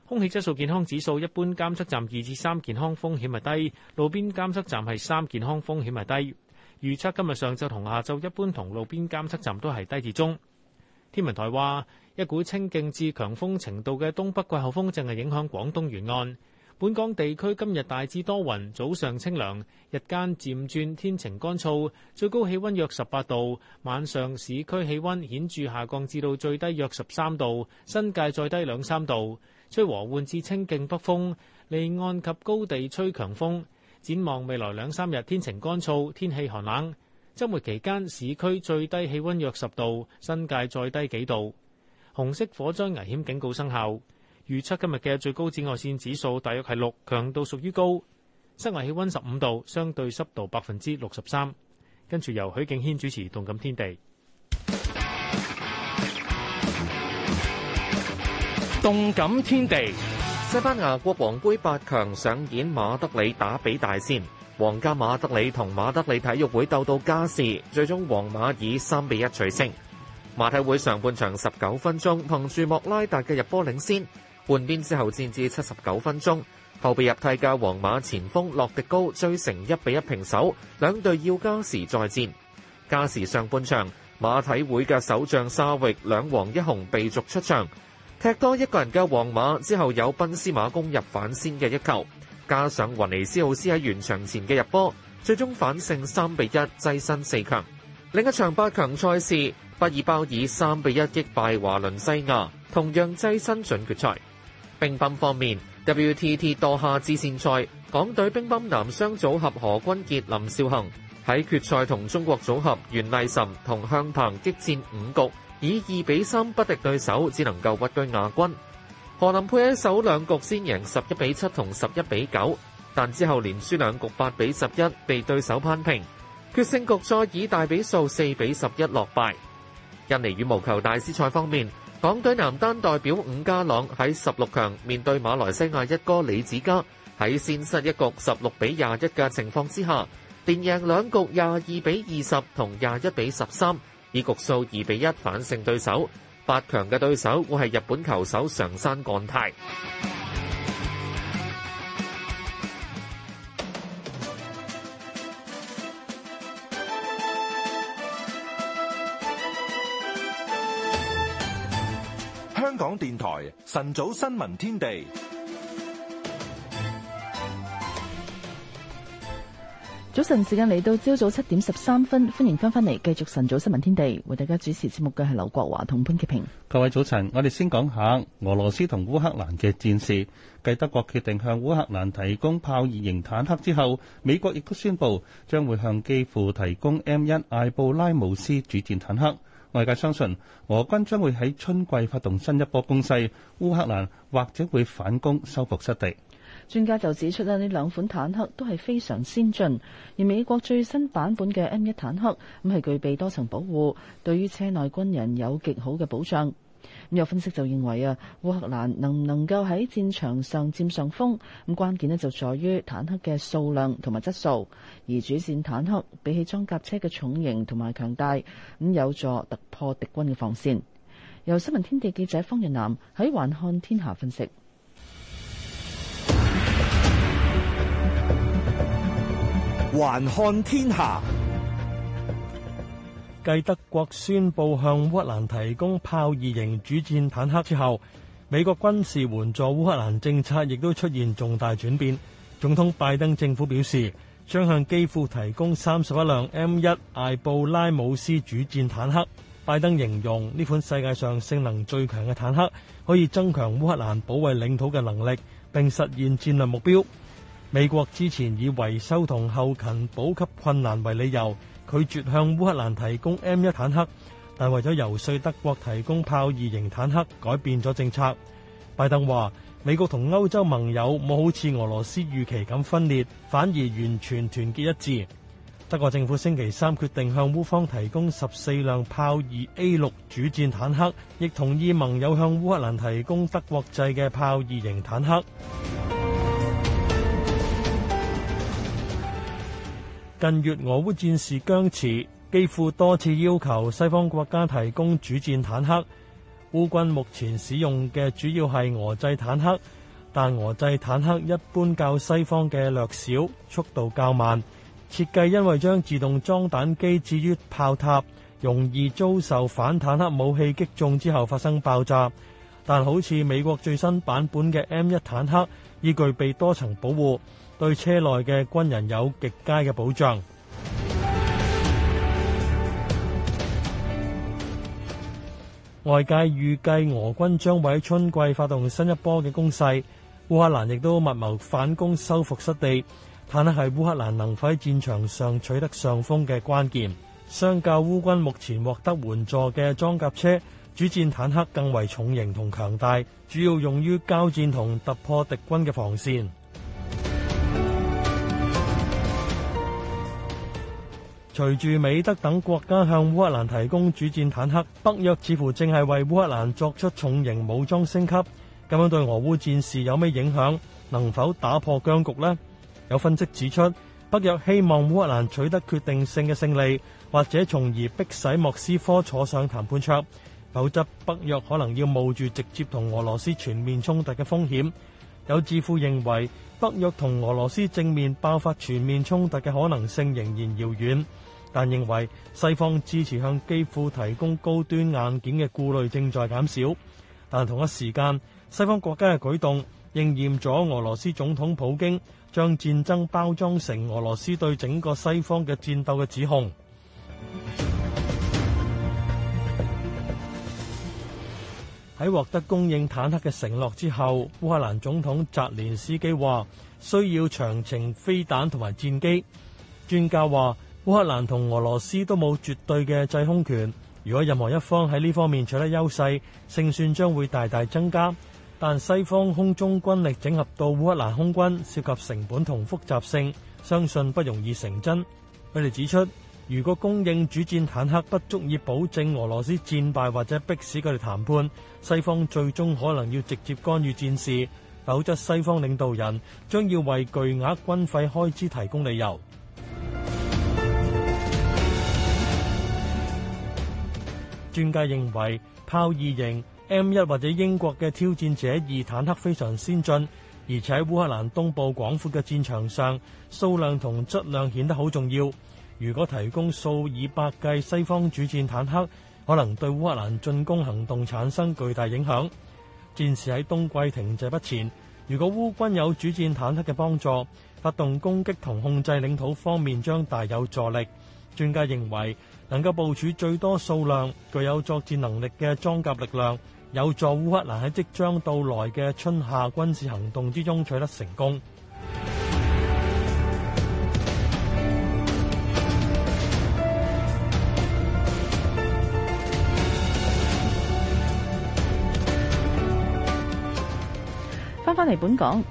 L: 空氣質素健康指數一般監測站二至三，健康風險係低；路邊監測站係三，健康風險係低。預測今日上晝同下晝一般同路邊監測站都係低至中。天文台話，一股清勁至強風程度嘅東北季候風正係影響廣東沿岸，本港地區今日大致多雲，早上清涼，日間漸轉天晴乾燥，最高氣温約十八度。晚上市區氣温顯著下降至到最低約十三度，新界再低兩三度。吹和緩至清勁北風，離岸及高地吹強風，展望未來兩三日天晴乾燥，天氣寒冷。周末期間市區最低氣温約十度，新界再低幾度。紅色火災危險警告生效。預測今日嘅最高紫外線指數大約係六，強度屬於高。室外氣温十五度，相對濕度百分之六十三。跟住由許敬軒主持
N: 《動感天地》。動感天地，西班牙國王杯八強上演馬德里打比大戰，皇家馬德里同馬德里體育會鬥到加時，最終皇馬以三比一取勝。馬體會上半場十九分鐘，憑住莫拉達嘅入波領先，換邊之後戰至七十九分鐘，後備入替嘅皇馬前鋒洛迪高追成一比一平手，兩隊要加時再戰。加時上半場，馬體會嘅守將沙域兩黃一紅被逐出場。踢多一個人嘅皇馬之後，有賓斯馬攻入反先嘅一球，加上雲尼斯奧斯喺完場前嘅入波，最終反勝三比一，躋身四強。另一場八強賽事，畢爾包以三比一擊敗華倫西亞，同樣躋身準決賽。乒乓方面，WTT 多哈支線賽，港隊乒乓男雙組合何君傑、林少恒，喺決賽同中國組合袁麗岑同向鵬激戰五局，以二比三不敵對手，只能夠屈居亞軍。何林配喺首兩局先贏十一比七同十一比九，但之後連輸兩局八比十一被對手扳平，決勝局再以大比數四比十一落敗。印尼羽毛球大師賽方面，港隊男單代表伍家朗喺十六強面對馬來西亞一哥李梓嘉，喺先失一局十六比廿一嘅情況之下，連贏兩局廿二比二十同廿一比十三，以局數二比一反勝對手。八強嘅對手會係日本球手常山幹太。
A: 香港電台晨早新聞天地。
C: 早晨時間嚟，到朝早七點十三分，歡迎翻返嚟繼續晨早新聞天地，為大家主持節目嘅係劉國華同潘潔平。
D: 各位早晨，我哋先講下俄羅斯同烏克蘭嘅戰事。繼德國決定向烏克蘭提供豹二型坦克之後，美國亦都宣佈將會向基輔提供 M 一艾布拉姆斯主戰坦克。外界相信俄軍將會喺春季發動新一波攻勢，烏克蘭或者會反攻收復失地。
C: 專家就指出啦，呢兩款坦克都係非常先進，而美國最新版本嘅 M1 坦克咁係具備多層保護，對於車內軍人有極好嘅保障。咁有分析就認為啊，烏克蘭能唔能夠喺戰場上佔上風咁關鍵咧，就在於坦克嘅數量同埋質素。而主戰坦克比起裝甲車嘅重型同埋強大，咁有助突破敵軍嘅防線。由新聞天地記者方日南喺環看天下分析。
E: 環看天下，繼德國宣布向烏克蘭提供豹二型主戰坦克之後，美國軍事援助烏克蘭政策亦都出現重大轉變。總統拜登政府表示，將向基輔提供三十一輛 M 一艾布拉，拉姆斯主戰坦克。拜登形容呢款世界上性能最強嘅坦克，可以增強烏克蘭保衛領土嘅能力，並實現戰略目標。美國之前以維修同後勤補給困難為理由，拒絕向烏克蘭提供 M 一坦克，但為咗遊說德國提供豹二型坦克，改變咗政策。拜登話：美國同歐洲盟友冇好似俄羅斯預期咁分裂，反而完全團結一致。德國政府星期三決定向烏方提供十四輛豹二 A 六主戰坦克，亦同意盟友向烏克蘭提供德國製嘅豹二型坦克。近月俄烏戰事僵持，幾乎多次要求西方國家提供主戰坦克。烏軍目前使用嘅主要係俄製坦克，但俄製坦克一般較西方嘅略小，速度較慢。設計因為將自動裝彈機置於炮塔，容易遭受反坦克武器擊中之後發生爆炸。但好似美國最新版本嘅 M1 坦克，已具備多層保護。對車內嘅軍人有極佳嘅保障。外界預計俄軍將會喺春季發動新一波嘅攻勢，烏克蘭亦都密謀反攻收復失地。坦克係烏克蘭能否喺戰場上取得上風嘅關鍵。相較烏軍目前獲得援助嘅裝甲車、主戰坦克更為重型同強大，主要用於交戰同突破敵軍嘅防線。隨住美、德等國家向烏克蘭提供主戰坦克，北約似乎正係為烏克蘭作出重型武裝升級。咁樣對俄烏戰事有咩影響？能否打破僵局呢？有分析指出，北約希望烏克蘭取得決定性嘅勝利，或者從而迫使莫斯科坐上談判桌，否則北約可能要冒住直接同俄羅斯全面衝突嘅風險。有智庫認為，北約同俄羅斯正面爆發全面衝突嘅可能性仍然遙遠。但認為西方支持向基庫提供高端硬件嘅顧慮正在減少，但同一時間，西方國家嘅舉動，應驗咗俄羅斯總統普京將戰爭包裝成俄羅斯對整個西方嘅戰鬥嘅指控。喺獲得供應坦克嘅承諾之後，烏克蘭總統澤連斯基話需要長程飛彈同埋戰機。專家話，烏克蘭同俄羅斯都冇絕對嘅制空權，如果任何一方喺呢方面取得優勢，勝算將會大大增加。但西方空中軍力整合到烏克蘭空軍涉及成本同複雜性，相信不容易成真。佢哋指出，如果供應主戰坦克不足以保證俄羅斯戰敗或者迫使佢哋談判，西方最終可能要直接干預戰事，否則西方領導人將要為巨額軍費開支提供理由。專家認為，豹二型 M 一或者英國嘅挑戰者二坦克非常先進，而且喺烏克蘭東部廣闊嘅戰場上，數量同質量顯得好重要。如果提供數以百計西方主戰坦克，可能對烏克蘭進攻行動產生巨大影響。戰時喺冬季停滯不前，如果烏軍有主戰坦克嘅幫助，發動攻擊同控制領土方面將大有助力。專家認為。能夠部署最多數量、具有作戰能力嘅裝甲力量，有助烏克蘭喺即將到來嘅春夏軍事行動之中取得成功。
C: 返返嚟本港。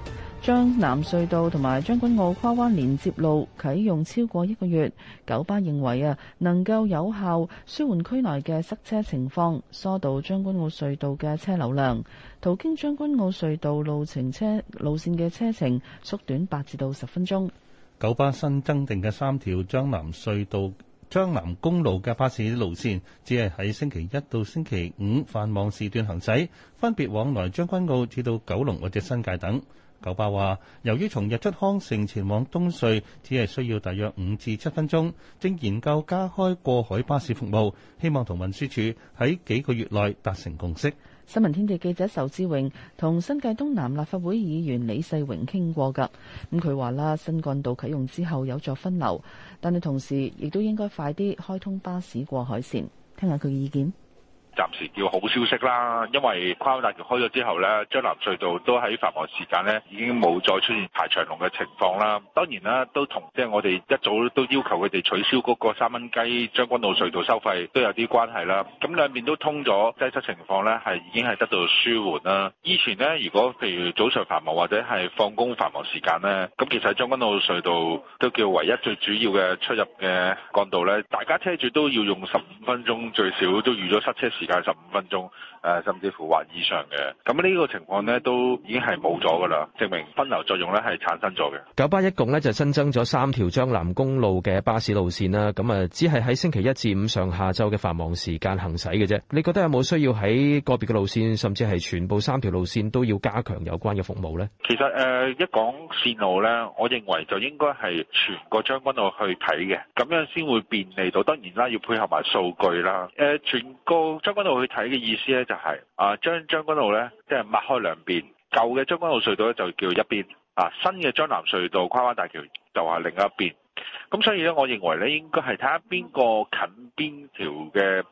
C: 將南隧道同埋將軍澳跨灣連接路啟用超過一個月，九巴認為啊，能夠有效舒緩區內嘅塞車情況，疏導將軍澳隧道嘅車流量，途經將軍澳隧道路程車路線嘅車程縮短八至到十分鐘。
D: 九巴新增定嘅三條將南隧道、將南公路嘅巴士路線，只係喺星期一到星期五繁忙時段行駛，分別往來將軍澳至到九龍或者新界等。九巴話，由於從日出康城前往東隧只係需要大約五至七分鐘，正研究加開過海巴士服務，希望同運輸署喺幾個月內達成共識。
C: 新聞天地記者仇志榮同新界東南立法會議員李世榮傾過㗎，咁佢話啦，新幹道啟用之後有助分流，但係同時亦都應該快啲開通巴士過海線，聽下佢意見。
A: 暫時叫好消息啦，因為跨海大橋開咗之後呢，將南隧道都喺繁忙時間呢已經冇再出現排長龍嘅情況啦。當然啦，都同即係、就是、我哋一早都要求佢哋取消嗰個三蚊雞將軍澳隧道收費都有啲關係啦。咁兩邊都通咗擠塞情況呢係已經係得到舒緩啦。以前呢，如果譬如早上繁忙或者係放工繁忙時間呢，咁其實將軍澳隧道都叫唯一最主要嘅出入嘅幹道呢，大家車住都要用十五分鐘，最少都預咗塞車時間。而家十五分鐘。 誒，甚至乎或以上嘅，咁呢個情況呢都已經係冇咗噶啦，證明分流作用咧係產生咗嘅。
L: 九巴一共咧就新增咗三條將南公路嘅巴士路線啦，咁啊只係喺星期一至五上下晝嘅繁忙時間行駛嘅啫。你覺得有冇需要喺個別嘅路線，甚至係全部三條路線都要加強有關嘅服務呢？
A: 其實誒、呃，一講線路咧，我認為就應該係全個將軍澳去睇嘅，咁樣先會便利到。當然啦，要配合埋數據啦。誒、呃，全個將軍澳去睇嘅意思咧就是、～係，啊，將將軍澳呢，即係抹開兩邊，舊嘅將軍澳隧道呢，就叫一邊，啊，新嘅將南隧道跨灣大橋就係另一邊，咁所以呢，我認為呢應該係睇下邊個近邊條嘅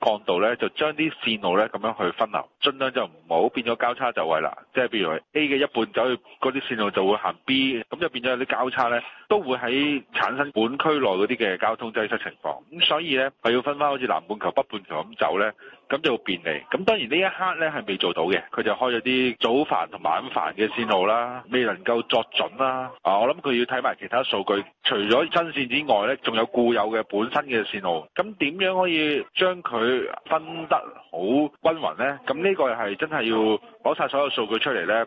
A: 幹道呢，就將啲線路呢咁樣去分流，盡量就唔好變咗交叉就位啦，即係譬如話 A 嘅一半走去嗰啲線路就會行 B，咁就變咗有啲交叉呢，都會喺產生本區內嗰啲嘅交通擠塞情況，咁所以呢，係要分翻好似南半球北半球咁走呢。咁就會便利，咁當然呢一刻呢係未做到嘅，佢就開咗啲早飯同晚飯嘅線路啦，未能夠作準啦、啊。啊，我諗佢要睇埋其他數據，除咗新線之外呢，仲有固有嘅本身嘅線路，咁點樣可以將佢分得好均勻呢？咁呢個係真係要攞晒所有數據出嚟呢。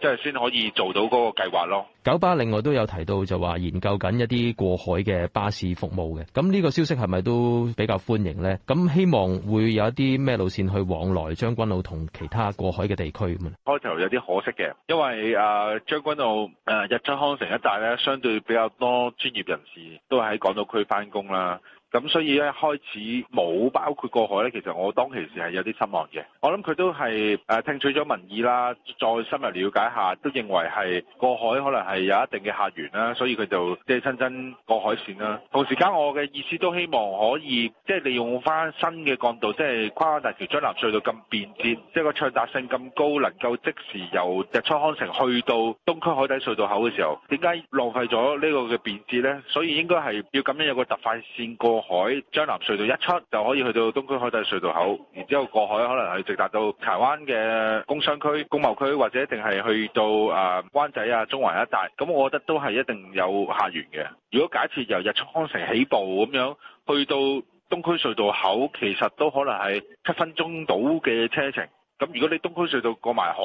A: 即係先可以做到嗰個計劃咯。
L: 九巴另外都有提到就話研究緊一啲過海嘅巴士服務嘅。咁呢個消息係咪都比較歡迎呢？咁希望會有一啲咩路線去往來將軍澳同其他過海嘅地區咁啊。
A: 開頭有啲可惜嘅，因為誒將軍澳誒、啊、日出康城一帶咧，相對比較多專業人士都喺港島區翻工啦。咁所以一開始冇包括過海呢，其實我當其時係有啲失望嘅。我諗佢都係誒聽取咗民意啦，再深入了解下，都認為係過海可能係有一定嘅客源啦，所以佢就即係新增過海線啦。同時間我嘅意思都希望可以即係利用翻新嘅幹道，即係跨灣大橋將南隧道咁便捷，即係個暢達性咁高，能夠即時由日出康城去到東區海底隧道口嘅時候，點解浪費咗呢個嘅便捷呢？所以應該係要咁樣有個特快線過海將南隧道一出就可以去到東區海底隧道口，然之後過海可能係直達到柴灣嘅工商區、工貿區，或者一定係去到誒、呃、灣仔啊、中環一帶。咁我覺得都係一定有客源嘅。如果假設由日出康城起步咁樣，去到東區隧道口，其實都可能係七分鐘到嘅車程。咁如果你東區隧道過埋海，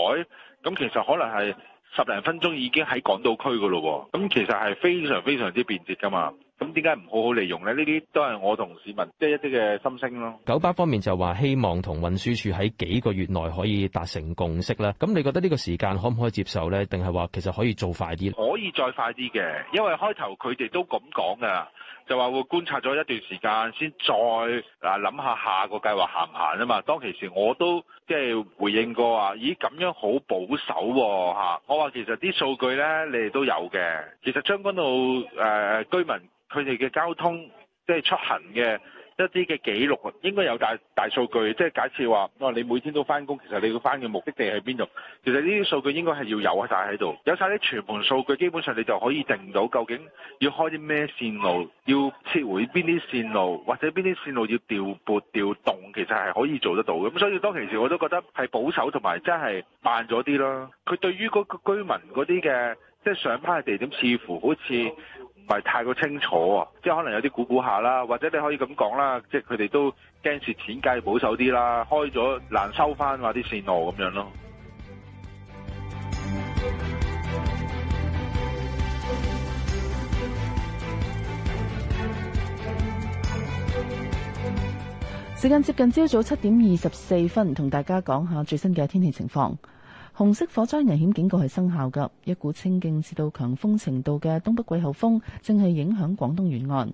A: 咁其實可能係十零分鐘已經喺港島區噶咯喎。咁其實係非常非常之便捷噶嘛。咁點解唔好好利用咧？呢啲都係我同市民即係一啲嘅心聲咯。
L: 九巴方面就話希望同運輸署喺幾個月內可以達成共識啦。咁你覺得呢個時間可唔可以接受呢？定係話其實可以做快啲？
A: 可以再快啲嘅，因為開頭佢哋都咁講噶。就話會觀察咗一段時間，先再嗱諗下下個計劃行唔行啊嘛？當其時我都即係回應過話，咦，咁樣好保守喎、啊、我話其實啲數據咧，你哋都有嘅。其實將軍澳誒、呃、居民佢哋嘅交通即係出行嘅。一啲嘅記錄應該有大大數據，即係假設話，哇、哦！你每天都翻工，其實你要翻嘅目的地喺邊度？其實呢啲數據應該係要有晒喺度，有晒啲全盤數據，基本上你就可以定到究竟要開啲咩線路，要撤回邊啲線路，或者邊啲線路要調撥調動，其實係可以做得到嘅。咁所以當其時我都覺得係保守同埋真係慢咗啲咯。佢對於嗰個居民嗰啲嘅即係上班嘅地點，似乎好似。唔係太過清楚啊，即係可能有啲估估下啦，或者你可以咁講啦，即係佢哋都驚蝕錢，梗係保守啲啦，開咗難收翻話啲線路咁樣咯。
C: 時間接近朝早七點二十四分，同大家講下最新嘅天氣情況。紅色火災危險警告係生效噶，一股清勁至到強風程度嘅東北季候風正係影響廣東沿岸。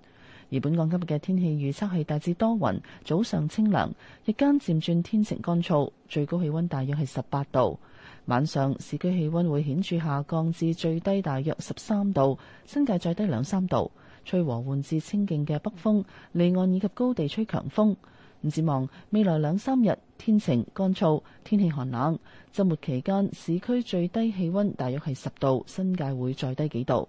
C: 而本港今日嘅天氣預測係大致多雲，早上清涼，日間漸轉天晴乾燥，最高氣温大約係十八度。晚上市區氣温會顯著下降至最低大約十三度，新界再低兩三度。吹和緩至清勁嘅北風，離岸以及高地吹強風。唔指望未來兩三日天晴乾燥，天氣寒冷。周末期間，市區最低氣溫大約係十度，新界會再低幾度。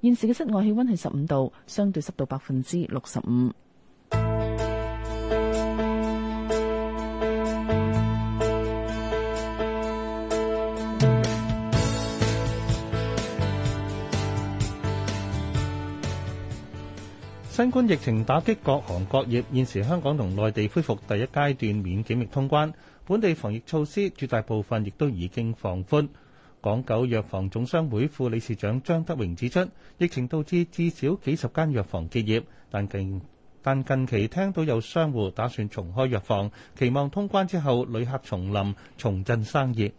C: 現時嘅室外氣溫係十五度，相對濕度百分之六十五。
D: 新冠疫情打擊各行各業，現時香港同內地恢復第一階段免檢疫通關。本地防疫措施絕大部分亦都已經放寬，港九藥房總商會副理事長張德榮指出，疫情導致至少幾十間藥房結業，但近但近期聽到有商戶打算重開藥房，期望通關之後旅客重臨，重振生意。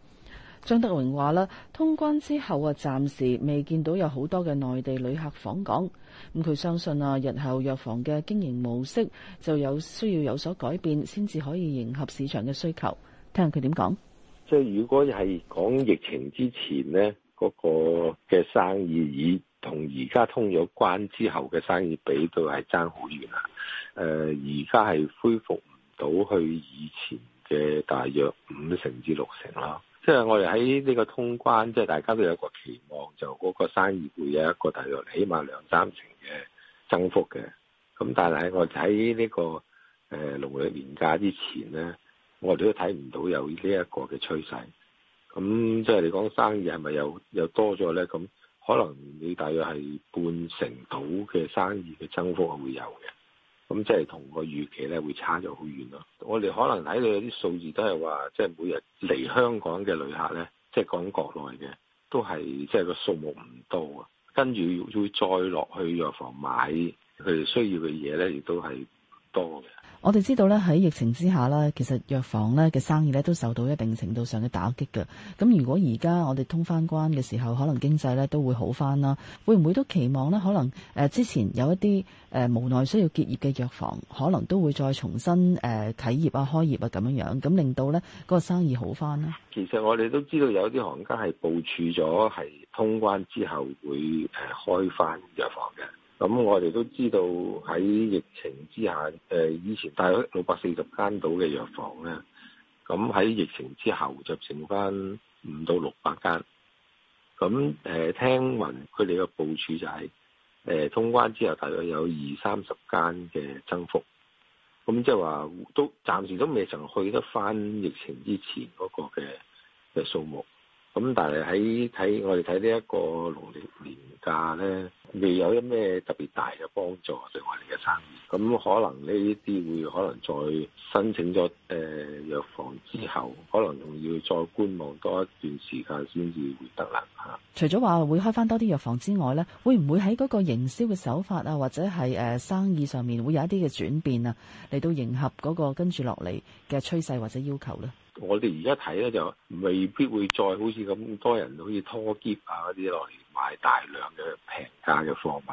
C: 張德榮話啦，通關之後啊，暫時未見到有好多嘅內地旅客訪港。咁佢相信啊，日後藥房嘅經營模式就有需要有所改變，先至可以迎合市場嘅需求。聽下佢點講。
O: 即係如果係講疫情之前呢，嗰個嘅生意，以同而家通咗關之後嘅生意比，都係爭好遠啦。誒，而家係恢復唔到去以前嘅大約五成至六成啦。即係我哋喺呢個通關，即係大家都有個期望，就嗰個生意會有一個大約起碼兩三成嘅增幅嘅。咁但係我哋喺呢個誒農曆年假之前咧，我哋都睇唔到有呢一個嘅趨勢。咁即係你講，生意係咪有有多咗咧？咁可能你大約係半成度嘅生意嘅增幅係會有嘅。咁、嗯、即係同個預期咧會差咗好遠咯。我哋可能睇到有啲數字都係話，即係每日嚟香港嘅旅客咧，即係講國內嘅，都係即係個數目唔多啊。跟住會再落去藥房買佢哋需要嘅嘢咧，亦都係多
C: 嘅，我哋知道咧喺疫情之下咧，其實藥房咧嘅生意咧都受到一定程度上嘅打擊嘅。咁如果而家我哋通翻關嘅時候，可能經濟咧都會好翻啦。會唔會都期望咧？可能誒、呃、之前有一啲誒、呃、無奈需要結業嘅藥房，可能都會再重新誒啟、呃、業啊、開業啊咁樣樣，咁令到咧嗰、那個生意好翻呢。
O: 其實我哋都知道有啲行家係部署咗係通關之後會誒開翻藥房嘅。咁我哋都知道喺疫情之下，誒、呃、以前大約六百四十間度嘅藥房咧，咁喺疫情之後就剩返五到六百間。咁誒、呃、聽聞佢哋嘅部署就係、是、誒、呃、通關之後大約有二三十間嘅增幅。咁即係話都暫時都未曾去得返疫情之前個嘅嘅數目。咁但係喺睇我哋睇呢一個農曆年假呢，未有一咩特別大嘅幫助對我哋嘅生意。咁、嗯、可能呢啲會可能再申請咗誒、呃、藥房之後，可能仲要再觀望多一段時間先至得啦。嚇！
C: 除咗話會開返多啲藥房之外呢，會唔會喺嗰個營銷嘅手法啊，或者係誒、呃、生意上面會有一啲嘅轉變啊，嚟到迎合嗰個跟住落嚟嘅趨勢或者要求呢？
O: 我哋而家睇咧就未必會再好似咁多人好似拖篋啊嗰啲落嚟買大量嘅平價嘅貨物，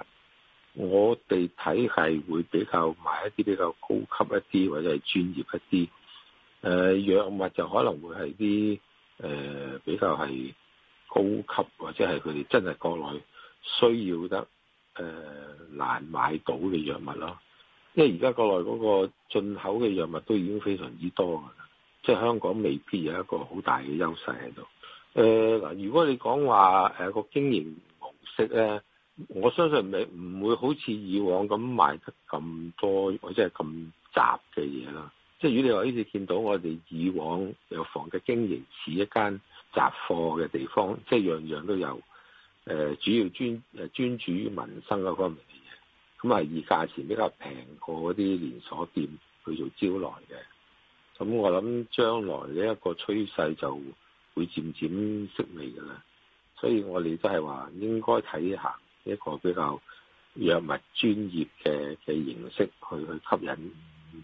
O: 我哋睇係會比較買一啲比較高級一啲或者係專業一啲，誒、呃、藥物就可能會係啲誒比較係高級或者係佢哋真係國內需要得誒、呃、難買到嘅藥物咯，因為而家國內嗰個進口嘅藥物都已經非常之多噶。即係香港未必有一個好大嘅優勢喺度。誒、呃、嗱，如果你講話誒個經營模式咧，我相信未唔會好似以往咁賣得咁多或者係咁雜嘅嘢啦。即係如果你話呢次見到我哋以往有房嘅經營，似一間雜貨嘅地方，即係樣樣都有。誒、呃，主要專誒專注於民生嗰方面嘅嘢，咁係以價錢比較平過嗰啲連鎖店去做招來嘅。咁、嗯、我諗將來呢一個趨勢就會漸漸式微噶啦，所以我哋都係話應該睇下一個比較藥物專業嘅嘅形式去去吸引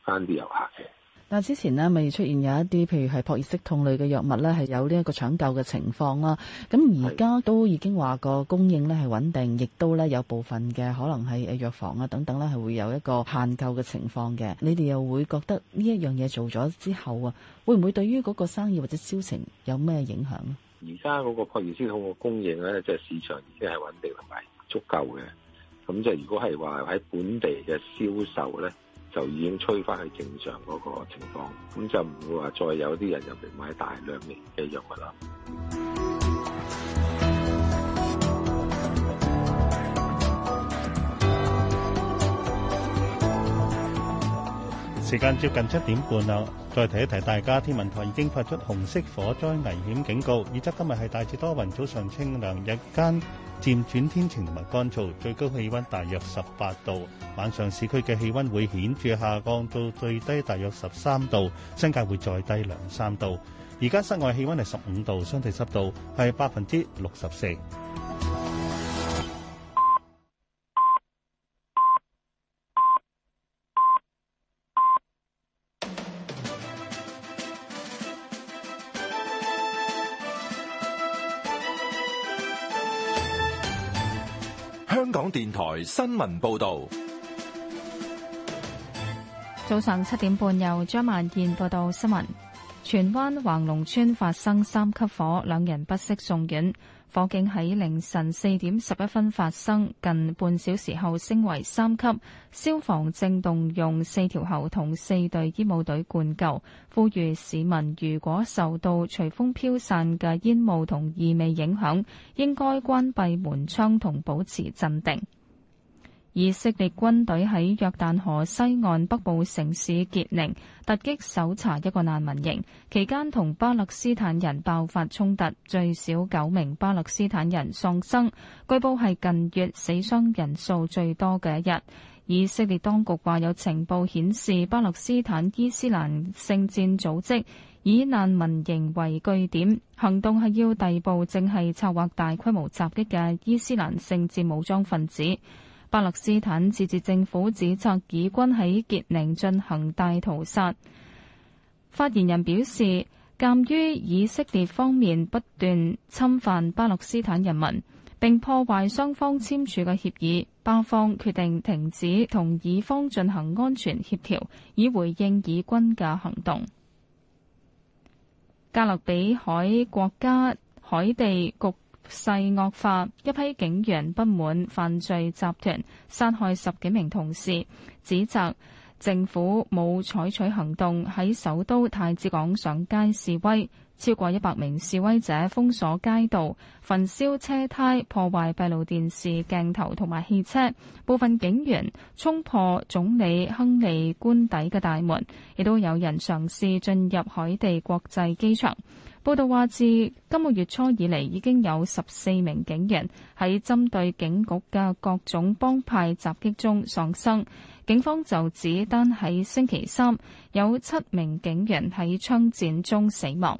O: 返啲遊客嘅。
C: 但之前咧，咪出現有一啲，譬如係撲熱息痛類嘅藥物咧，係有呢一個搶救嘅情況啦。咁而家都已經話個供應咧係穩定，亦都咧有部分嘅可能係誒藥房啊等等咧係會有一個限購嘅情況嘅。你哋又會覺得呢一樣嘢做咗之後啊，會唔會對於嗰個生意或者銷情有咩影響咧？
O: 而家嗰個撲熱息痛嘅供應咧，即係市場已經係穩定同埋足夠嘅。咁即係如果係話喺本地嘅銷售咧。就已經吹翻去正常嗰個情況，咁就唔會話再有啲人入嚟買大量嘅藥物啦。
D: 時間接近七點半啦，再提一提大家，天文台已經發出紅色火災危險警告，預測今日係大致多雲，早上清涼，日間。漸轉天晴同埋乾燥，最高氣温大約十八度。晚上市區嘅氣温會顯著下降到最低大約十三度，新界會再低兩三度。而家室外氣温係十五度，相對濕度係百分之六十四。
A: 電台新聞報道：
B: 早上七點半，由張萬健報道新聞。荃灣橫龍村發生三級火，兩人不適送院。火警喺凌晨四點十一分發生，近半小時後升為三級。消防正動用四條喉同四隊煙霧隊灌救，呼籲市民如果受到隨風飄散嘅煙霧同異味影響，應該關閉門窗同保持鎮定。以色列軍隊喺約旦河西岸北部城市傑寧突擊搜查一個難民營，期間同巴勒斯坦人爆發衝突，最少九名巴勒斯坦人喪生，據報係近月死傷人數最多嘅一日。以色列當局話有情報顯示，巴勒斯坦伊斯蘭聖戰組織以難民營為據點，行動係要逮捕正係策劃大規模襲擊嘅伊斯蘭聖戰武裝分子。巴勒斯坦自治政府指責以軍喺傑寧進行大屠殺。發言人表示，鑑於以色列方面不斷侵犯巴勒斯坦人民並破壞雙方簽署嘅協議，巴方決定停止同以方進行安全協調，以回應以軍嘅行動。加勒比海國家海地局勢惡化，一批警員不滿犯罪集團殺害十幾名同事，指責政府冇採取行動，喺首都太子港上街示威，超過一百名示威者封鎖街道，焚燒車胎，破壞閉路電視鏡頭同埋汽車。部分警員衝破總理亨利官邸嘅大門，亦都有人嘗試進入海地國際機場。報道話，自今個月初以嚟，已經有十四名警員喺針對警局嘅各種幫派襲擊中喪生。警方就指，單喺星期三，有七名警員喺槍戰中死亡。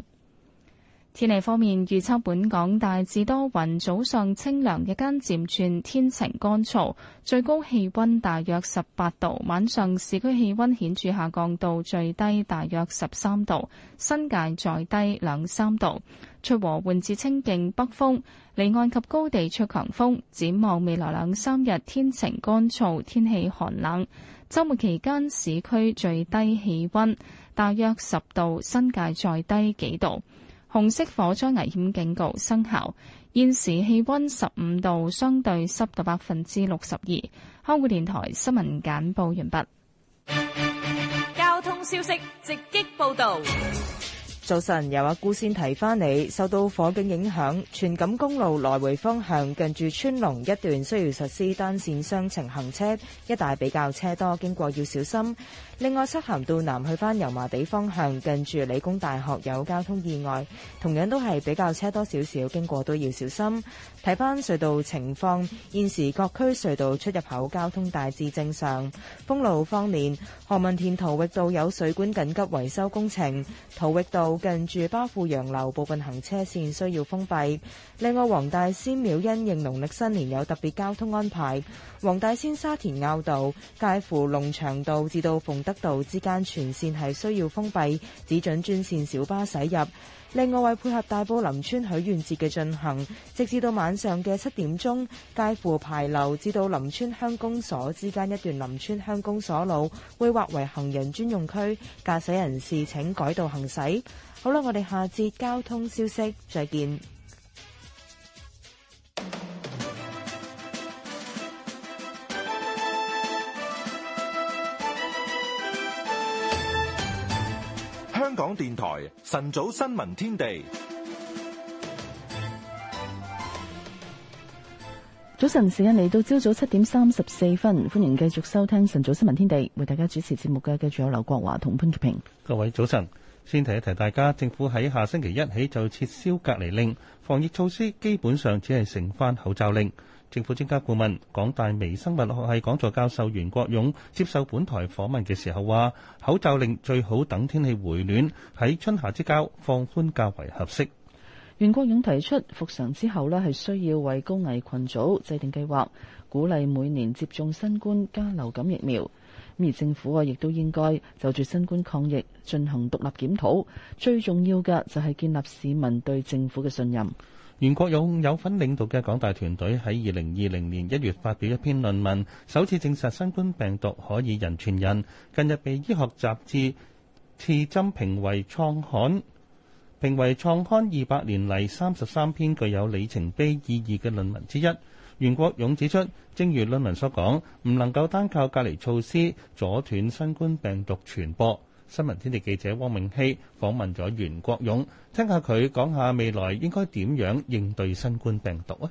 B: 天氣方面，預測本港大致多雲，早上清涼，日間漸轉天晴乾燥，最高氣溫大約十八度。晚上市區氣溫顯著下降到最低大約十三度，新界再低兩三度。吹和緩至清勁北風，離岸及高地出強風。展望未來兩三日天晴乾燥，天氣寒冷。周末期間市區最低氣溫大約十度，新界再低幾度。紅色火災危險警告生效。現時氣溫十五度，相對濕度百分之六十二。香港電台新聞簡報完畢。
F: 交通
P: 消息直擊報道。
K: 早晨，由阿姑先提翻你。受到火警影響，全錦公路來回方向近住川龍一段需要實施單線雙程行車，一帶比較車多，經過要小心。另外，漆咸道南去翻油麻地方向，近住理工大學有交通意外，同樣都係比較車多少少，經過都要小心。睇翻隧道情況，現時各區隧道出入口交通大致正常。封路方面，何文田土域道有水管緊急維修工程，土域道近住巴富洋樓部分行車線需要封閉。另外，黃大仙廟因應農曆新年有特別交通安排，黃大仙沙田坳道介乎龍翔道至到鳳德道之間全線係需要封閉，只准專線小巴駛入。另外，為配合大埔林村許願節嘅進行，直至到晚上嘅七點鐘，介乎牌樓至到林村鄉公所之間一段林村鄉公所路會劃為行人專用區，駕駛人士請改道行駛。好啦，我哋下節交通消息再見。
A: 香港電台晨早新聞天地，
C: 早晨時間嚟到朝早七點三十四分，歡迎繼續收聽晨早新聞天地，為大家主持節目嘅繼續有劉國華同潘
D: 潔平，各位早晨。先提一提大家，政府喺下星期一起就撤銷隔離令，防疫措施基本上只係剩翻口罩令。政府專家顧問、港大微生物學系講座教授袁國勇接受本台訪問嘅時候話，口罩令最好等天氣回暖，喺春夏之交放寬較為合適。袁國
C: 勇提出復常之後咧，係需要為高危群組制定計劃，鼓勵每年接種新冠加流感疫苗。而政府啊，亦都應該就住新冠抗疫進行獨立檢討，最重要嘅就係建立市民對政府嘅信
D: 任。袁國勇有份領導嘅港大團隊喺二零二零年一月發表一篇論文，首次證實新冠病毒可以人傳人。近日被醫學雜誌刺針評為創刊，評為創刊二百年嚟三十三篇具有里程碑意義嘅論文之一。袁國勇指出，正如論文所講，唔能夠單靠隔離措施阻斷新冠病毒傳播。新聞天地記者汪明希訪問咗袁國勇，聽下佢講下未來應該點樣應對新冠病毒啊？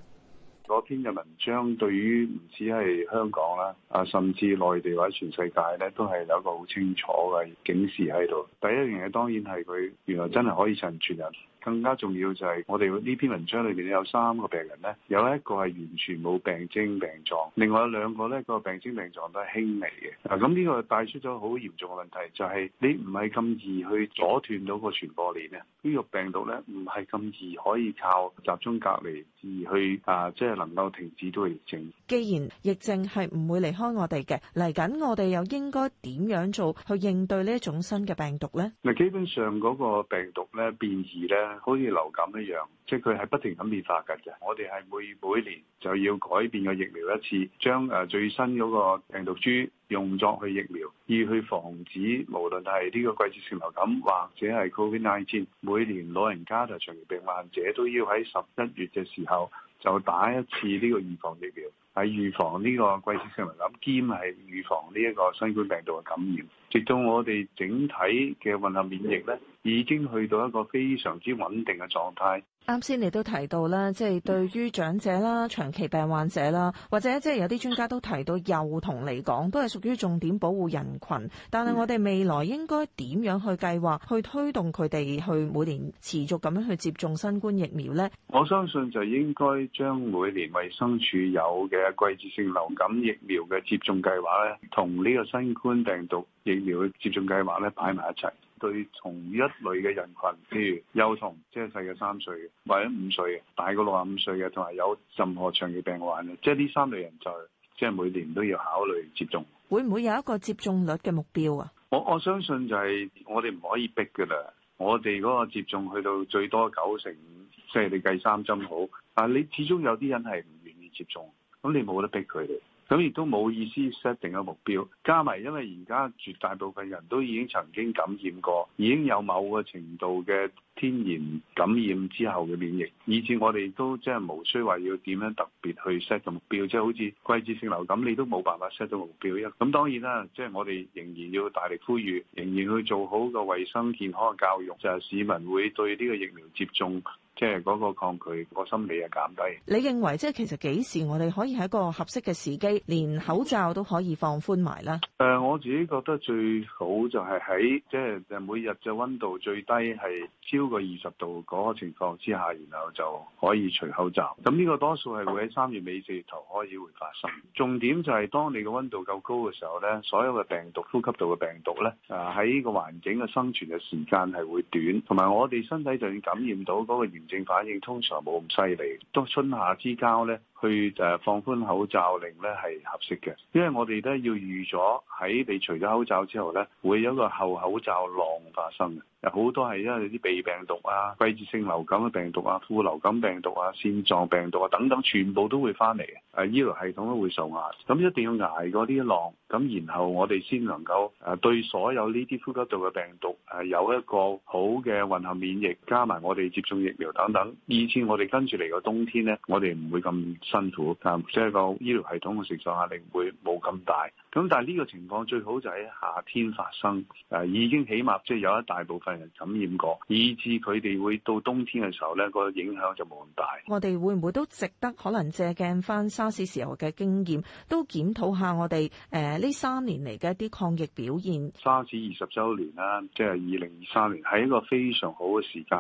Q: 嗰篇嘅文章對於唔止係香港啦，啊甚至內地或者全世界咧，都係有一個好清楚嘅警示喺度。第一樣嘢當然係佢原來真係可以殘傳人。更加重要就係我哋呢篇文章裏面有三個病人咧，有一個係完全冇病徵病狀，另外兩個咧，個病徵病狀都係輕微嘅。嗱，咁呢個帶出咗好嚴重嘅問題，就係你唔係咁易去阻斷到個傳播鏈咧，呢個病毒咧唔係咁易可以靠集中隔離而去啊，即係能夠停止到疫症。
P: 既然疫症係唔會離開我哋嘅，嚟緊，我哋又應該點樣做去應對呢一種新嘅病毒咧？
Q: 嗱，基本上嗰個病毒咧變異咧。好似流感一樣，即係佢係不停咁變化緊嘅。我哋係每每年就要改變個疫苗一次，將誒最新嗰個病毒株用作去疫苗，以去防止無論係呢個季節性流感或者係 COVID-19。每年老人家同長期病患者都要喺十一月嘅時候就打一次呢個預防疫苗，係預防呢個季節性流感，兼係預防呢一個新冠病毒嘅感染，直到我哋整體嘅混合免疫呢，已經去到一個非常之穩定嘅狀態。
P: 啱先你都提到啦，即係對於長者啦、嗯、長期病患者啦，或者即係有啲專家都提到，幼童嚟講都係屬於重點保護人群。但係我哋未來應該點樣去計劃，去推動佢哋去每年持續咁樣去接種新冠疫苗
Q: 呢？我相信就應該將每年衞生署有嘅季節性流感疫苗嘅接種計劃咧，同呢個新冠病毒疫苗嘅接種計劃咧擺埋一齊。對同一類嘅人群，譬如幼童，即係細嘅三歲，或者五歲大過六十五歲嘅，同埋有任何長期病患嘅，即係呢三類人就、即係每年都要考慮接種。
P: 會唔會有一個接種率嘅目標啊？
Q: 我我相信就係我哋唔可以逼噶啦，我哋嗰個接種去到最多九成五，即係你計三針好，但係你始終有啲人係唔願意接種，咁你冇得逼佢哋。咁亦都冇意思 set 定嘅目標，加埋因為而家絕大部分人都已經曾經感染過，已經有某個程度嘅天然感染之後嘅免疫，以至我哋都即係無需話要點樣特別去 set 個目標，即係好似季節性流感你都冇辦法 set 到目標。咁當然啦，即係我哋仍然要大力呼籲，仍然去做好個衛生健康嘅教育，就係市民會對呢個疫苗接種。即係嗰個抗拒，個心理啊減低。
P: 你認為即係其實幾時我哋可以喺一個合適嘅時機，連口罩都可以放寬埋啦？
Q: 誒、呃，我自己覺得最好就係喺即係誒每日嘅溫度最低係超過二十度嗰個情況之下，然後就可以除口罩。咁呢個多數係會喺三月尾四月頭開始會發生。重點就係當你嘅溫度夠高嘅時候咧，所有嘅病毒、呼吸道嘅病毒咧，誒喺呢個環境嘅生存嘅時間係會短，同埋我哋身體就要感染到嗰個原正反應通常冇咁犀利，當春夏之交咧，去誒放寬口罩令咧係合適嘅，因為我哋咧要預咗喺你除咗口罩之後咧，會有一個後口罩浪發生嘅。好多係因為啲鼻病毒啊、季節性流感嘅病毒啊、副流感病毒啊、腺狀病毒啊等等，全部都會翻嚟，誒醫療系統都會受壓。咁一定要捱過呢浪，咁然後我哋先能夠誒對所有呢啲呼吸道嘅病毒誒、啊、有一個好嘅混合免疫，加埋我哋接種疫苗等等。以前我哋跟住嚟個冬天呢，我哋唔會咁辛苦，但即係個醫療系統嘅承受壓力會冇咁大。咁但係呢個情況最好就喺夏天發生，誒、啊、已經起碼即係、就是、有一大部分。感染過，以致佢哋會到冬天嘅時候咧，個影響就冇咁大。
P: 我哋會唔會都值得可能借鏡翻沙士時候嘅經驗，都檢討下我哋誒呢三年嚟嘅一啲抗疫表現。
Q: 沙士二十周年啦，即係二零二三年，係、就是、一個非常好嘅時間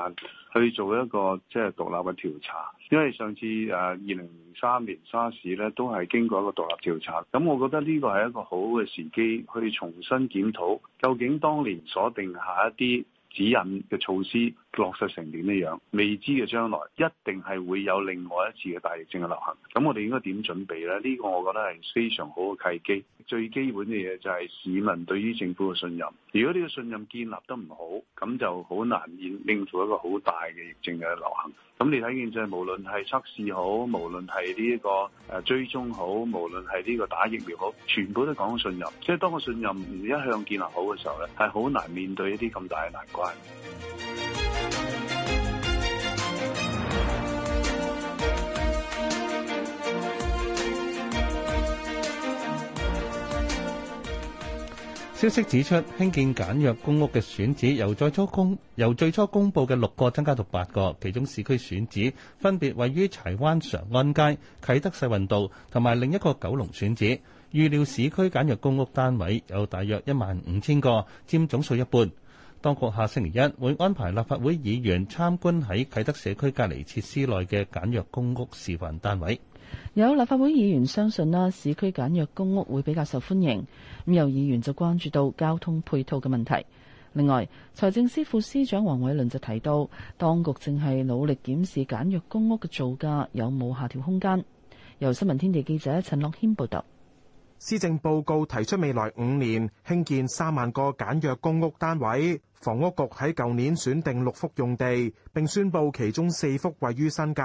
Q: 去做一個即係獨立嘅調查，因為上次誒二零零三年沙士咧都係經過一個獨立調查，咁我覺得呢個係一個好嘅時機去重新檢討究竟當年所定下一啲指引嘅措施。落實成點嘅樣，未知嘅將來一定係會有另外一次嘅大疫症嘅流行。咁我哋應該點準備呢？呢、這個我覺得係非常好嘅契機。最基本嘅嘢就係市民對於政府嘅信任。如果呢個信任建立得唔好，咁就好難應應付一個好大嘅疫症嘅流行。咁你睇見就係、是、無論係測試好，無論係呢個誒追蹤好，無論係呢個打疫苗好，全部都講信任。即、就、係、是、當個信任唔一向建立好嘅時候呢，係好難面對一啲咁大嘅難關。
D: 消息指出，興建簡約公屋嘅選址由，由最初公由最初公佈嘅六個增加到八個，其中市區選址分別位於柴灣常安街、啟德世運道同埋另一個九龍選址。預料市區簡約公屋單位有大約一萬五千個，佔總數一半。當局下星期一會安排立法會議員參觀喺啟德社區隔離設施內嘅簡約公屋示範單位。
C: 有立法會議員相信啦，市區簡約公屋會比較受歡迎。咁有議員就關注到交通配套嘅問題。另外，財政司副司長黃偉綸就提到，當局正係努力檢視簡約公屋嘅造價有冇下調空間。由新聞天地記者陳樂謙報道。
F: 施政報告提出未來五年興建三萬個簡約公屋單位，房屋局喺舊年選定六幅用地，並宣布其中四幅位於新界。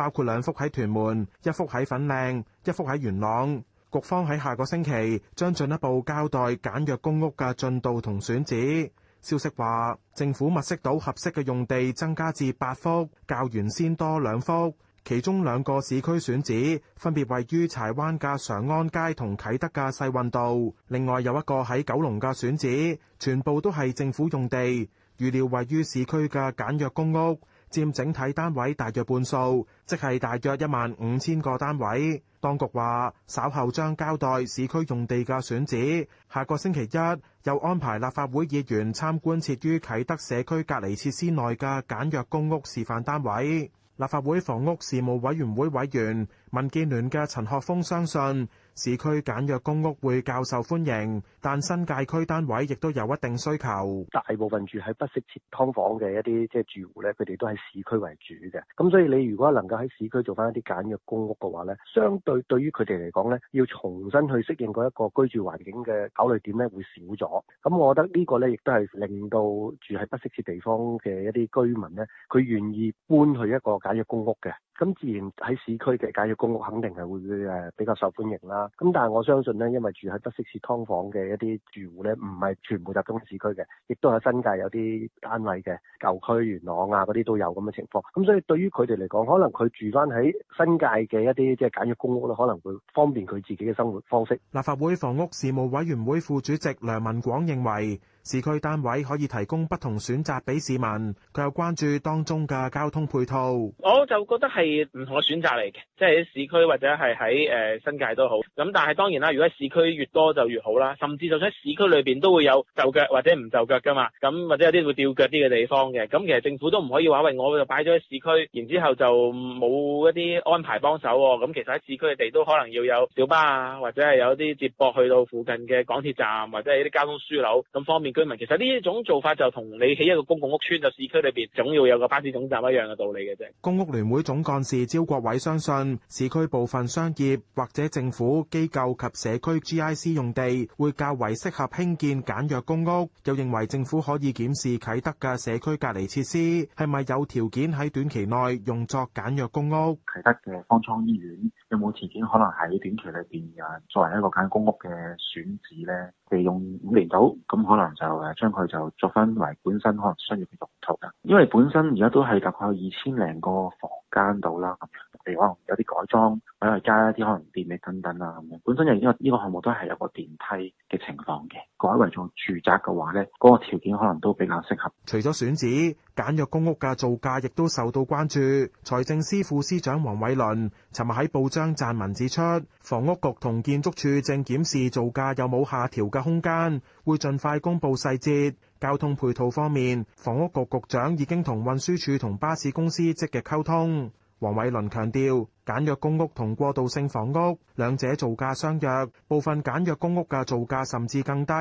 F: 包括兩幅喺屯門，一幅喺粉嶺，一幅喺元朗。局方喺下個星期將進一步交代簡約公屋嘅進度同選址。消息話，政府物色到合適嘅用地增加至八幅，較原先多兩幅。其中兩個市區選址分別位於柴灣嘅常安街同啟德嘅世運道，另外有一個喺九龍嘅選址，全部都係政府用地。預料位於市區嘅簡約公屋佔整體單位大約半數，即係大約一萬五千個單位。當局話，稍後將交代市區用地嘅選址。下個星期一，又安排立法會議員參觀設於啟德社區隔離設施內嘅簡約公屋示範單位。立法會房屋事務委員會委員、民建聯嘅陳學峰相信。市區簡約公屋會較受歡迎，但新界區單位亦都有一定需求。大
J: 部分住喺不適切劏房嘅一啲即係住戶咧，佢哋都喺市區為主嘅。咁所以你如果能夠喺市區做返一啲簡約公屋嘅話咧，相對對於佢哋嚟講咧，要重新去適應一個居住環境嘅考慮點咧，會少咗。咁我覺得呢個咧，亦都係令到住喺不適切地方嘅一啲居民咧，佢願意搬去一個簡約公屋嘅。咁自然喺市區嘅，簡約公屋肯定係會誒比較受歡迎啦。咁但係我相信呢，因為住喺德式式劏房嘅一啲住戶呢，唔係全部集中喺市區嘅，亦都有新界有啲單位嘅，舊區元朗啊嗰啲都有咁嘅情況。咁所以對於佢哋嚟講，可能佢住翻喺新界嘅一啲即係簡約公屋咧，可能會方便佢自己嘅生活
F: 方式。立法會房屋事務委員會副主席梁文廣認為。市區單位可以提供不同選擇俾市民，佢有關注當中嘅交通配套。
D: 我
L: 就覺得係唔同嘅選擇嚟嘅，即係喺市區或者係喺誒新界都好。咁但係當然啦，如果喺市區越多就越好啦。甚至就算喺市區裏邊都會有就腳或者唔就腳噶嘛。咁或者有啲會吊腳啲嘅地方嘅。咁其實政府都唔可以話喂、哎、我就擺咗喺市區，然之後就冇一啲安排幫手。咁其實喺市區嘅地都可能要有小巴啊，或者係有啲接駁去到附近嘅港鐵站或者係一啲交通樞紐咁方便。居民其實呢一種做法就同你喺一個公共屋邨就市區裏邊總要有個巴士總站一樣嘅道理嘅
F: 啫。公屋聯會總幹事招國偉相信，市區部分商業或者政府機構及社區 GIC 用地會較為適合興建簡約公屋。又認為政府可以檢視啟德嘅社區隔離設施係咪有條件喺短期內用作簡約公屋。啟德嘅方艙醫院有冇條件可能喺短期裏邊啊作為一個簡約公屋嘅選址呢？利用五年到咁可能。就誒將佢就作
J: 翻為本身可能商業用途嘅，因為本身而家都係大概二千零個房間度啦，咁譬如話有啲改裝，可能加一啲可能電力等等啦咁樣，本身就因為呢個項目都係有個電梯嘅情況嘅。改為做住宅嘅話，呢嗰個條件可
F: 能都比較適合。除咗選址，簡約公屋嘅造價亦都受到關注。財政司副司長黃偉綸尋日喺報章撰文指出，房屋局同建築署正檢視造價有冇下調嘅空間，會盡快公佈細節。交通配套方面，房屋局局長已經同運輸署同巴士公司積極溝通。黃偉倫強調，簡約公屋同過渡性房屋兩者造價相若，部分簡約公屋嘅造價甚至更低。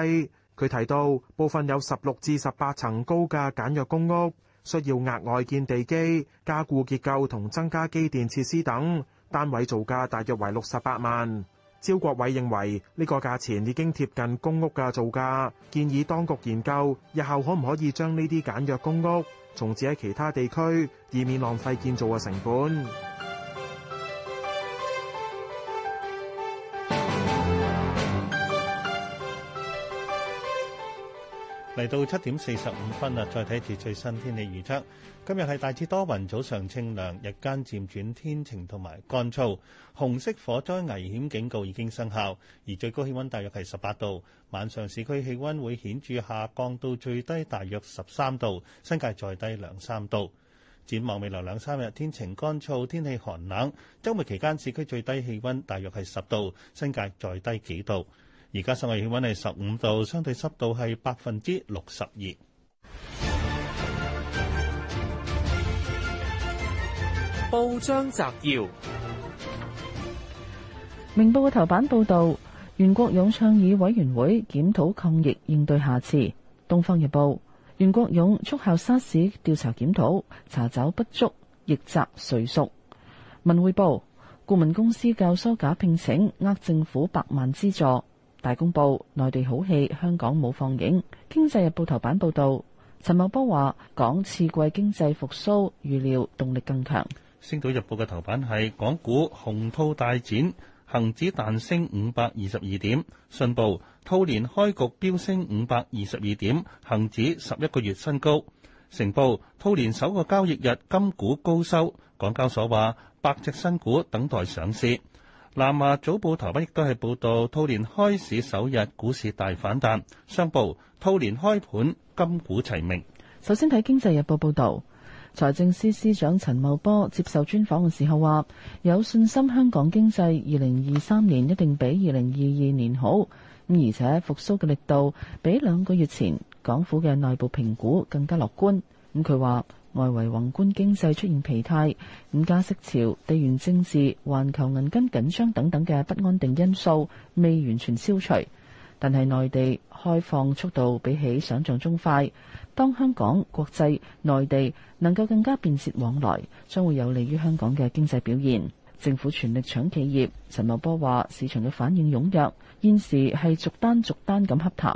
F: 佢提到，部分有十六至十八層高嘅簡約公屋，需要額外建地基、加固結構同增加機電設施等，單位造價大約為六十八萬。招國偉認為呢個價錢已經貼近公屋嘅造價，建議當局研究日後可唔可以將呢啲簡約公屋。重置喺其他地區，以免浪費建造嘅成本。
D: 嚟到七點四十五分啦，再睇一啲最新天氣預測。今日係大致多雲，早上清涼，日間漸轉天晴同埋乾燥。紅色火災危險警告已經生效，而最高氣温大約係十八度。晚上市區氣温會顯著下降到最低大約十三度，新界再低兩三度。展望未來兩三日，天晴乾燥，天氣寒冷。週末期間，市區最低氣温大約係十度，新界再低幾度。而家室外氣温係十五度，相對濕度係百分之六十二。
N: 報章摘要：
C: 明報嘅頭版報道袁國勇倡議委員會檢討抗疫應對下次。東方日報袁國勇促效沙士調查檢討，查找不足，逆責誰屬？文匯報顧問公司教唆假聘請，呃政府百萬資助。大公報內地好戲，香港冇放映。經濟日報頭版報道，陳茂波話港次季經濟復甦，預料動力更強。
D: 星島日報嘅頭版係港股紅兔大展，恒指彈升五百二十二點，信報兔年開局飆升五百二十二點，恒指十一個月新高。成報兔年首個交易日，金股高收，港交所話百隻新股等待上市。南亞早報頭版亦都係報道，兔年開市首日股市大反彈。商報，兔年開盤金股齊名。
C: 首先睇經濟日報報道，財政司司長陳茂波接受專訪嘅時候話，有信心香港經濟二零二三年一定比二零二二年好，咁而且復甦嘅力度比兩個月前港府嘅內部評估更加樂觀。咁佢話。外圍宏觀經濟出現疲態，五加息潮、地緣政治、環球銀根緊張等等嘅不安定因素未完全消除，但係內地開放速度比起想象中快。當香港、國際、內地能夠更加便捷往來，將會有利於香港嘅經濟表現。政府全力搶企業，陳茂波話市場嘅反應踊躍，現時係逐單逐單咁洽談，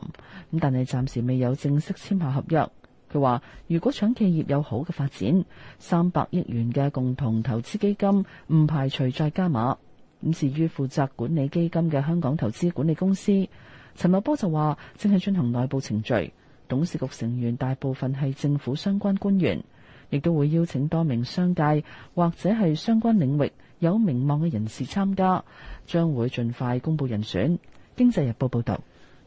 C: 咁但係暫時未有正式簽下合約。佢話如果搶企業有好嘅發展，三百億元嘅共同投資基金唔排除再加碼。咁至於負責管理基金嘅香港投資管理公司陳茂波就話正喺進行內部程序，董事局成員大部分係政府相關官員，亦都會邀請多名商界或者係相關領域有名望嘅人士參加，將會盡快公布人選。經濟日報報道。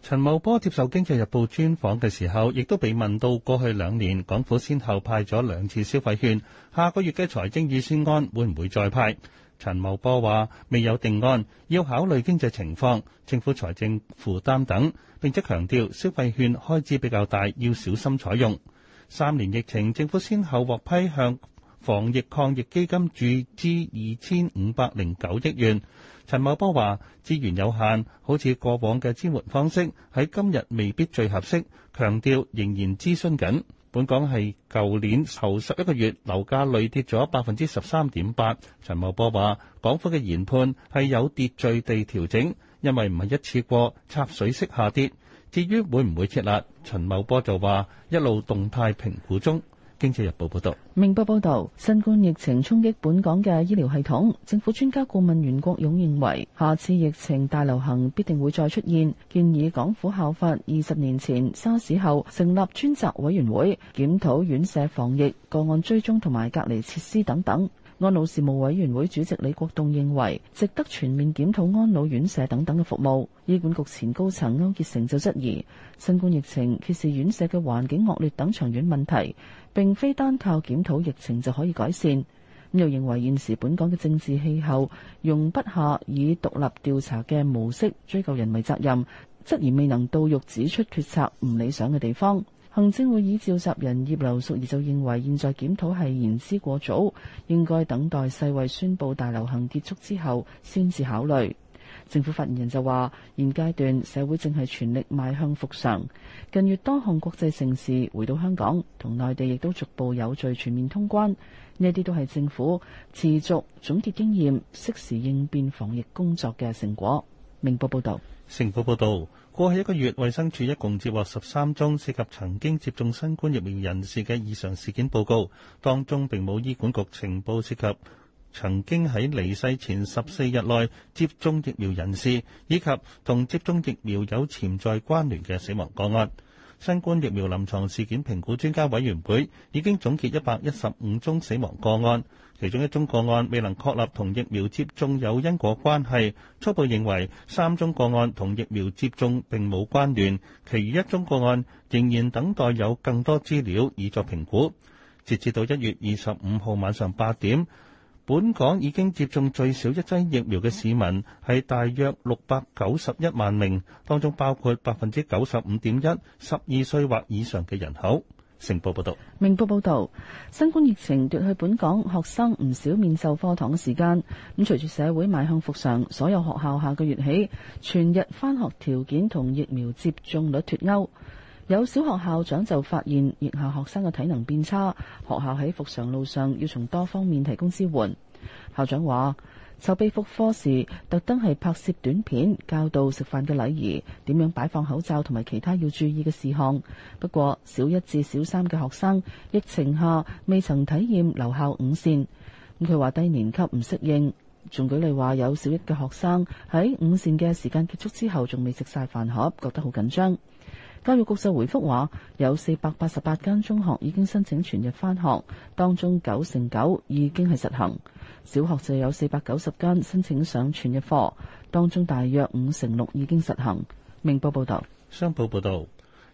D: 陳茂波接受《經濟日報》專訪嘅時候，亦都被問到過去兩年港府先後派咗兩次消費券，下個月嘅財政預算案會唔會再派？陳茂波話：未有定案，要考慮經濟情況、政府財政負擔等。並且強調消費券開支比較大，要小心採用。三年疫情，政府先後獲批向防疫抗疫基金注資二千五百零九億元。陳茂波話：資源有限，好似過往嘅支援方式喺今日未必最合適。強調仍然諮詢緊。本港係舊年後十一個月樓價累跌咗百分之十三點八。陳茂波話：港府嘅研判係有秩序地調整，因為唔係一次過插水式下跌。至於會唔會撤辣，陳茂波就話一路動態評估中。《經濟日報》報道，
C: 《明報》報道，新冠疫情衝擊本港嘅醫療系統。政府專家顧問袁國勇認為，下次疫情大流行必定會再出現，建議港府效法二十年前沙士後，成立專責委員會檢討院舍防疫、個案追蹤同埋隔離設施等等。安老事務委員會主席李國棟認為，值得全面檢討安老院舍等等嘅服務。醫管局前高層區結成就質疑，新冠疫情揭示院舍嘅環境惡劣等長遠問題。並非單靠檢討疫情就可以改善，又認為現時本港嘅政治氣候容不下以獨立調查嘅模式追究人為責任，質疑未能到肉指出決策唔理想嘅地方。行政會議召集人葉劉淑儀就認為，現在檢討係言之過早，應該等待世衛宣布大流行結束之後先至考慮。政府發言人就話，現階段社會正係全力邁向復常。近月多項國際城市回到香港，同內地亦都逐步有序全面通關，呢啲都係政府持續總結經驗、適時應變防疫工作嘅成果。明報報道，
D: 政府報道，過去一個月衛生署一共接獲十三宗涉及曾經接種新冠疫苗人士嘅異常事件報告，當中並冇醫管局情報涉及。曾經喺離世前十四日內接種疫苗人士，以及同接種疫苗有潛在關聯嘅死亡個案，新冠疫苗臨床事件評估專家委員會已經總結一百一十五宗死亡個案，其中一宗個案未能確立同疫苗接種有因果關係，初步認為三宗個案同疫苗接種並冇關聯，其餘一宗個案仍然等待有更多資料以作評估。截至到一月二十五號晚上八點。本港已經接種最少一劑疫苗嘅市民係大約六百九十一萬名，當中包括百分之九十五點一，十二歲或以上嘅人口。成報報道，
C: 明報報道：新冠疫情奪去本港學生唔少面授課堂嘅時間。咁隨住社會邁向復常，所有學校下個月起全日返學條件同疫苗接種率脫鈎。有小學校長就發現，疫下學生嘅體能變差，學校喺復常路上要從多方面提供支援。校長話籌備復課時，特登係拍攝短片教導食飯嘅禮儀，點樣擺放口罩同埋其他要注意嘅事項。不過，小一至小三嘅學生，疫情下未曾體驗留校午膳，咁佢話低年級唔適應。仲舉例話，有小一嘅學生喺午膳嘅時間結束之後，仲未食晒飯盒，覺得好緊張。教育局就回覆話，有四百八十八間中學已經申請全日返學，當中九成九已經係實行；小學就有四百九十間申請上全日課，當中大約五成六已經實行。明報報道，
D: 商報報道。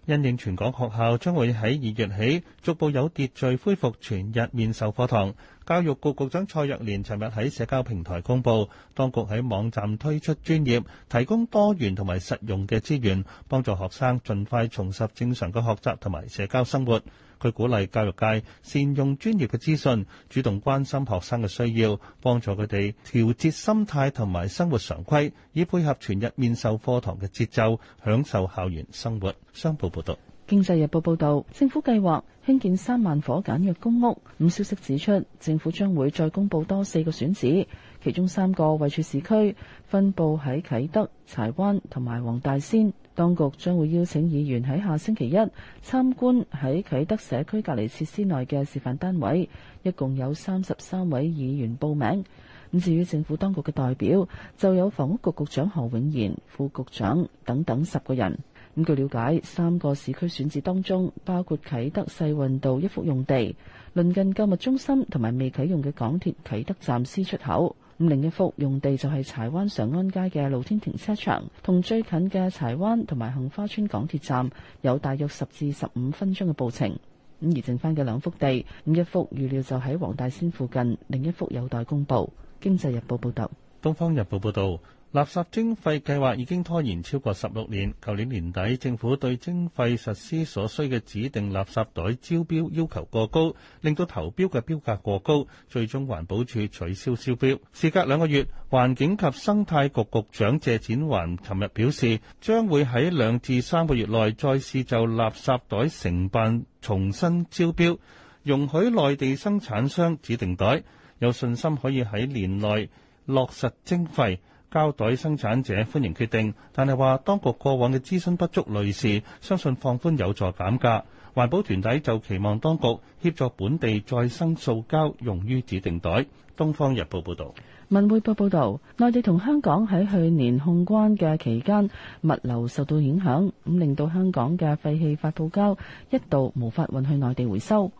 D: 因應全港學校將會喺二月起逐步有秩序恢復全日面授課堂，教育局局長蔡若蓮尋日喺社交平台公布，當局喺網站推出專業，提供多元同埋實用嘅資源，幫助學生盡快重拾正常嘅學習同埋社交生活。佢鼓勵教育界善用專業嘅資訊，主動關心學生嘅需要，幫助佢哋調節心態同埋生活常規，以配合全日面授課堂嘅節奏，享受校園生活。商報報道，
C: 《經濟日報》報道，政府計劃興建三萬伙簡約公屋。咁消息指出，政府將會再公布多四個選址。其中三個位處市區，分佈喺啟德、柴灣同埋黃大仙。當局將會邀請議員喺下星期一參觀喺啟德社區隔離設施內嘅示範單位，一共有三十三位議員報名。咁至於政府當局嘅代表，就有房屋局局長何永賢、副局長等等十個人。咁據了解，三個市區選址當中包括啟德世運道一幅用地，鄰近購物中心同埋未啟用嘅港鐵啟德站 C 出口。咁另一幅用地就係柴灣常安街嘅露天停車場，同最近嘅柴灣同埋杏花村港鐵站有大約十至十五分鐘嘅步程。咁而剩翻嘅兩幅地，咁一幅預料就喺黃大仙附近，另一幅有待公布。經濟日報報道，
D: 東方日報報道。垃圾徵費計劃已經拖延超過十六年。舊年年底，政府對徵費實施所需嘅指定垃圾袋招標要求過高，令到投標嘅標價過高，最終環保署取消招標。事隔兩個月，環境及生態局局長謝展環尋日表示，將會喺兩至三個月內再次就垃圾袋承辦重新招標，容許內地生產商指定袋，有信心可以喺年內落實徵費。膠袋生產者歡迎決定，但係話當局過往嘅諮詢不足類事，相信放寬有助減價。環保團體就期望當局協助本地再生塑膠用於指定袋。《東方日報》報導，
C: 《文匯報》報導，內地同香港喺去年控關嘅期間，物流受到影響，咁令到香港嘅廢棄發泡膠一度無法運去內地回收。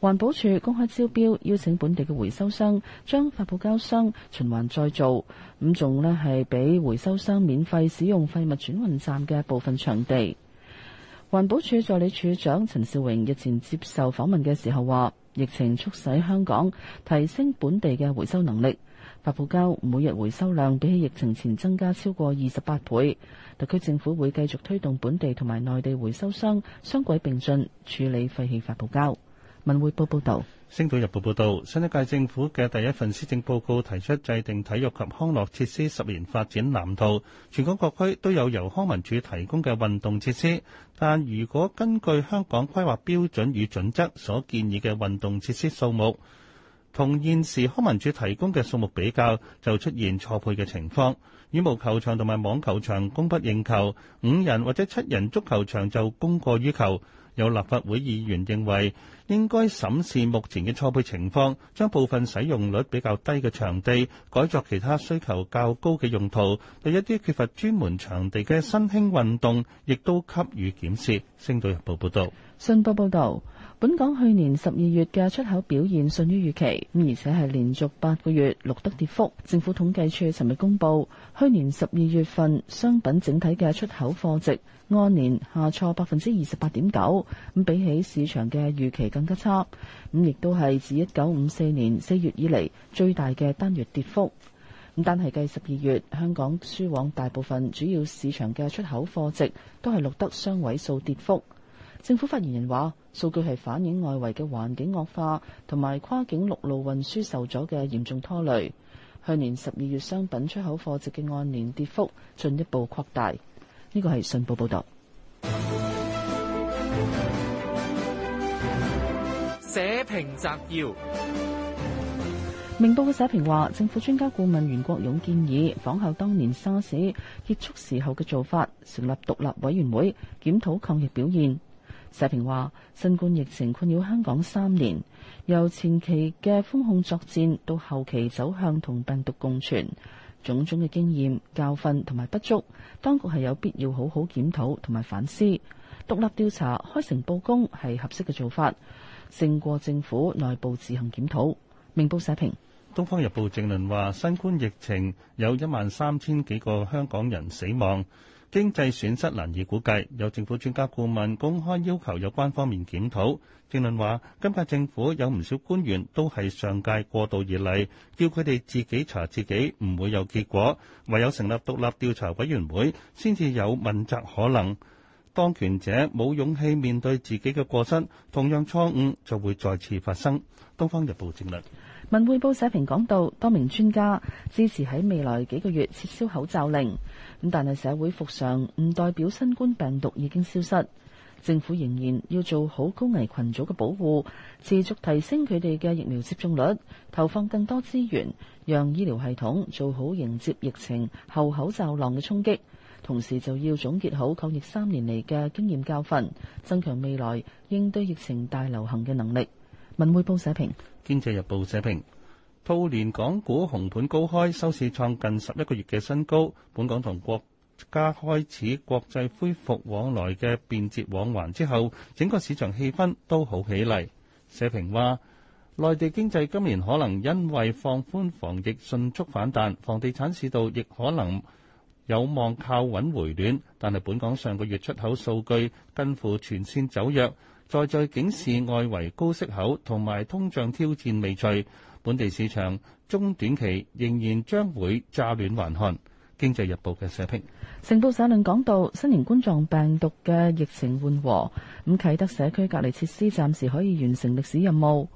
C: 環保署公開招標，邀請本地嘅回收商將發泡膠箱循環再造。咁仲咧係俾回收商免費使用廢物轉運站嘅部分場地。環保署助理處長陳兆榮日前接受訪問嘅時候話，疫情促使香港提升本地嘅回收能力，發泡膠每日回收量比起疫情前增加超過二十八倍。特區政府會繼續推動本地同埋內地回收商雙軌並進處理廢棄發泡膠。文匯報報道，
D: 《星島日報》報道，新一屆政府嘅第一份施政報告提出制定體育及康樂設施十年發展藍圖。全港各區都有由康文署提供嘅運動設施，但如果根據香港規劃標準與準則所建議嘅運動設施數目，同現時康文署提供嘅數目比較，就出現錯配嘅情況。羽毛球場同埋網球場供不應求，五人或者七人足球場就供過於求。有立法會議員認為，應該審視目前嘅錯配情況，將部分使用率比較低嘅場地改作其他需求較高嘅用途，對一啲缺乏專門場地嘅新興運動，亦都給予檢視。星島日報報道。
C: 信報報道。本港去年十二月嘅出口表現遜於預期，而且係連續八個月錄得跌幅。政府統計處尋日公布，去年十二月份商品整體嘅出口貨值按年下挫百分之二十八點九，咁比起市場嘅預期更加差，咁亦都係自一九五四年四月以嚟，最大嘅單月跌幅。咁但係計十二月，香港輸往大部分主要市場嘅出口貨值都係錄得雙位數跌幅。政府發言人話：數據係反映外圍嘅環境惡化，同埋跨境陸路運輸受阻嘅嚴重拖累。去年十二月商品出口貨值嘅按年跌幅進一步擴大。呢、這個係信報報道。
N: 社評摘要：
C: 明報嘅社評話，政府專家顧問袁國勇建議仿效當年沙士結束時候嘅做法，成立獨立委員會檢討抗疫表現。社評話：新冠疫情困擾香港三年，由前期嘅封控作戰到後期走向同病毒共存，種種嘅經驗教訓同埋不足，當局係有必要好好檢討同埋反思。獨立調查開誠布公係合適嘅做法，勝過政府內部自行檢討。明報社評，
D: 《東方日報》正論話：新冠疫情有一萬三千幾個香港人死亡。經濟損失難以估計，有政府專家顧問公開要求有關方面檢討。政論話：今屆政府有唔少官員都係上屆過渡而嚟，叫佢哋自己查自己，唔會有結果。唯有成立獨立調查委員會，先至有問責可能。當權者冇勇氣面對自己嘅過失，同樣錯誤就會再次發生。《東方日報》政論。
C: 文匯報社評講到，多名專家支持喺未來幾個月撤銷口罩令。咁但係社會復常唔代表新冠病毒已經消失，政府仍然要做好高危群組嘅保護，持續提升佢哋嘅疫苗接種率，投放更多資源，讓醫療系統做好迎接疫情後口罩浪嘅衝擊。同時就要總結好抗疫三年嚟嘅經驗教訓，增強未來應對疫情大流行嘅能力。文匯報社評。
D: 經濟日報社評，兔年港股紅盤高開，收市創近十一個月嘅新高。本港同國家開始國際恢復往來嘅便捷往還之後，整個市場氣氛都好起嚟。社評話，內地經濟今年可能因為放寬防疫迅速反彈，房地產市道亦可能有望靠穩回暖。但係本港上個月出口數據近乎全綫走弱。在在警示，外圍高息口同埋通脹挑戰未除，本地市場中短期仍然將會乍暖還寒。經濟日報嘅社評。
C: 成報社論講到新型冠狀病毒嘅疫情緩和，咁啟德社區隔離設施暫時可以完成歷史任務，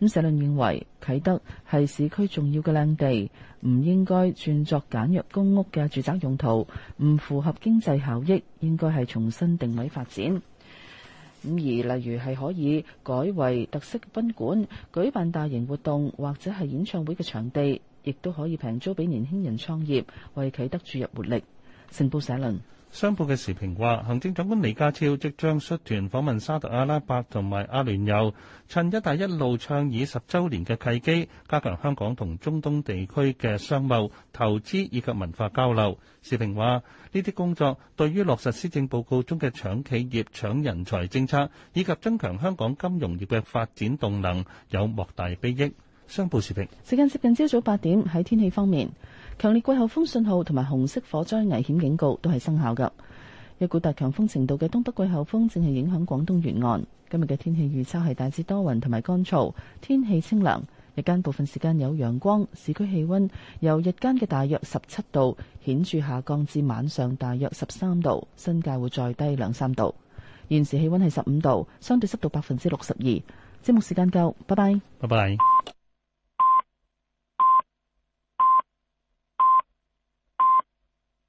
C: 咁社論認為啟德係市區重要嘅靚地，唔應該轉作簡約公屋嘅住宅用途，唔符合經濟效益，應該係重新定位發展。咁而例如係可以改為特色賓館、舉辦大型活動或者係演唱會嘅場地，亦都可以平租俾年輕人創業，為啟德注入活力。成報社論。
D: 商報嘅時評話，行政長官李家超即將率團訪問沙特阿拉伯同埋阿聯酋，趁一帶一路倡議十週年嘅契機，加強香港同中東地區嘅商貿、投資以及文化交流。時評話，呢啲工作對於落實施政報告中嘅搶企業、搶人才政策，以及增強香港金融業嘅發展動能，有莫大裨益。商報時評，
C: 時間接近朝早八點，喺天氣方面。強烈季候風信號同埋紅色火災危險警告都係生效㗎。一股大強風程度嘅東北季候風正係影響廣東沿岸。今日嘅天氣預測係大致多雲同埋乾燥，天氣清涼。日間部分時間有陽光，市區氣溫由日間嘅大約十七度顯著下降至晚上大約十三度，新界會再低兩三度。現時氣溫係十五度，相對濕度百分之六十二。節目時間夠，拜拜，
D: 拜拜。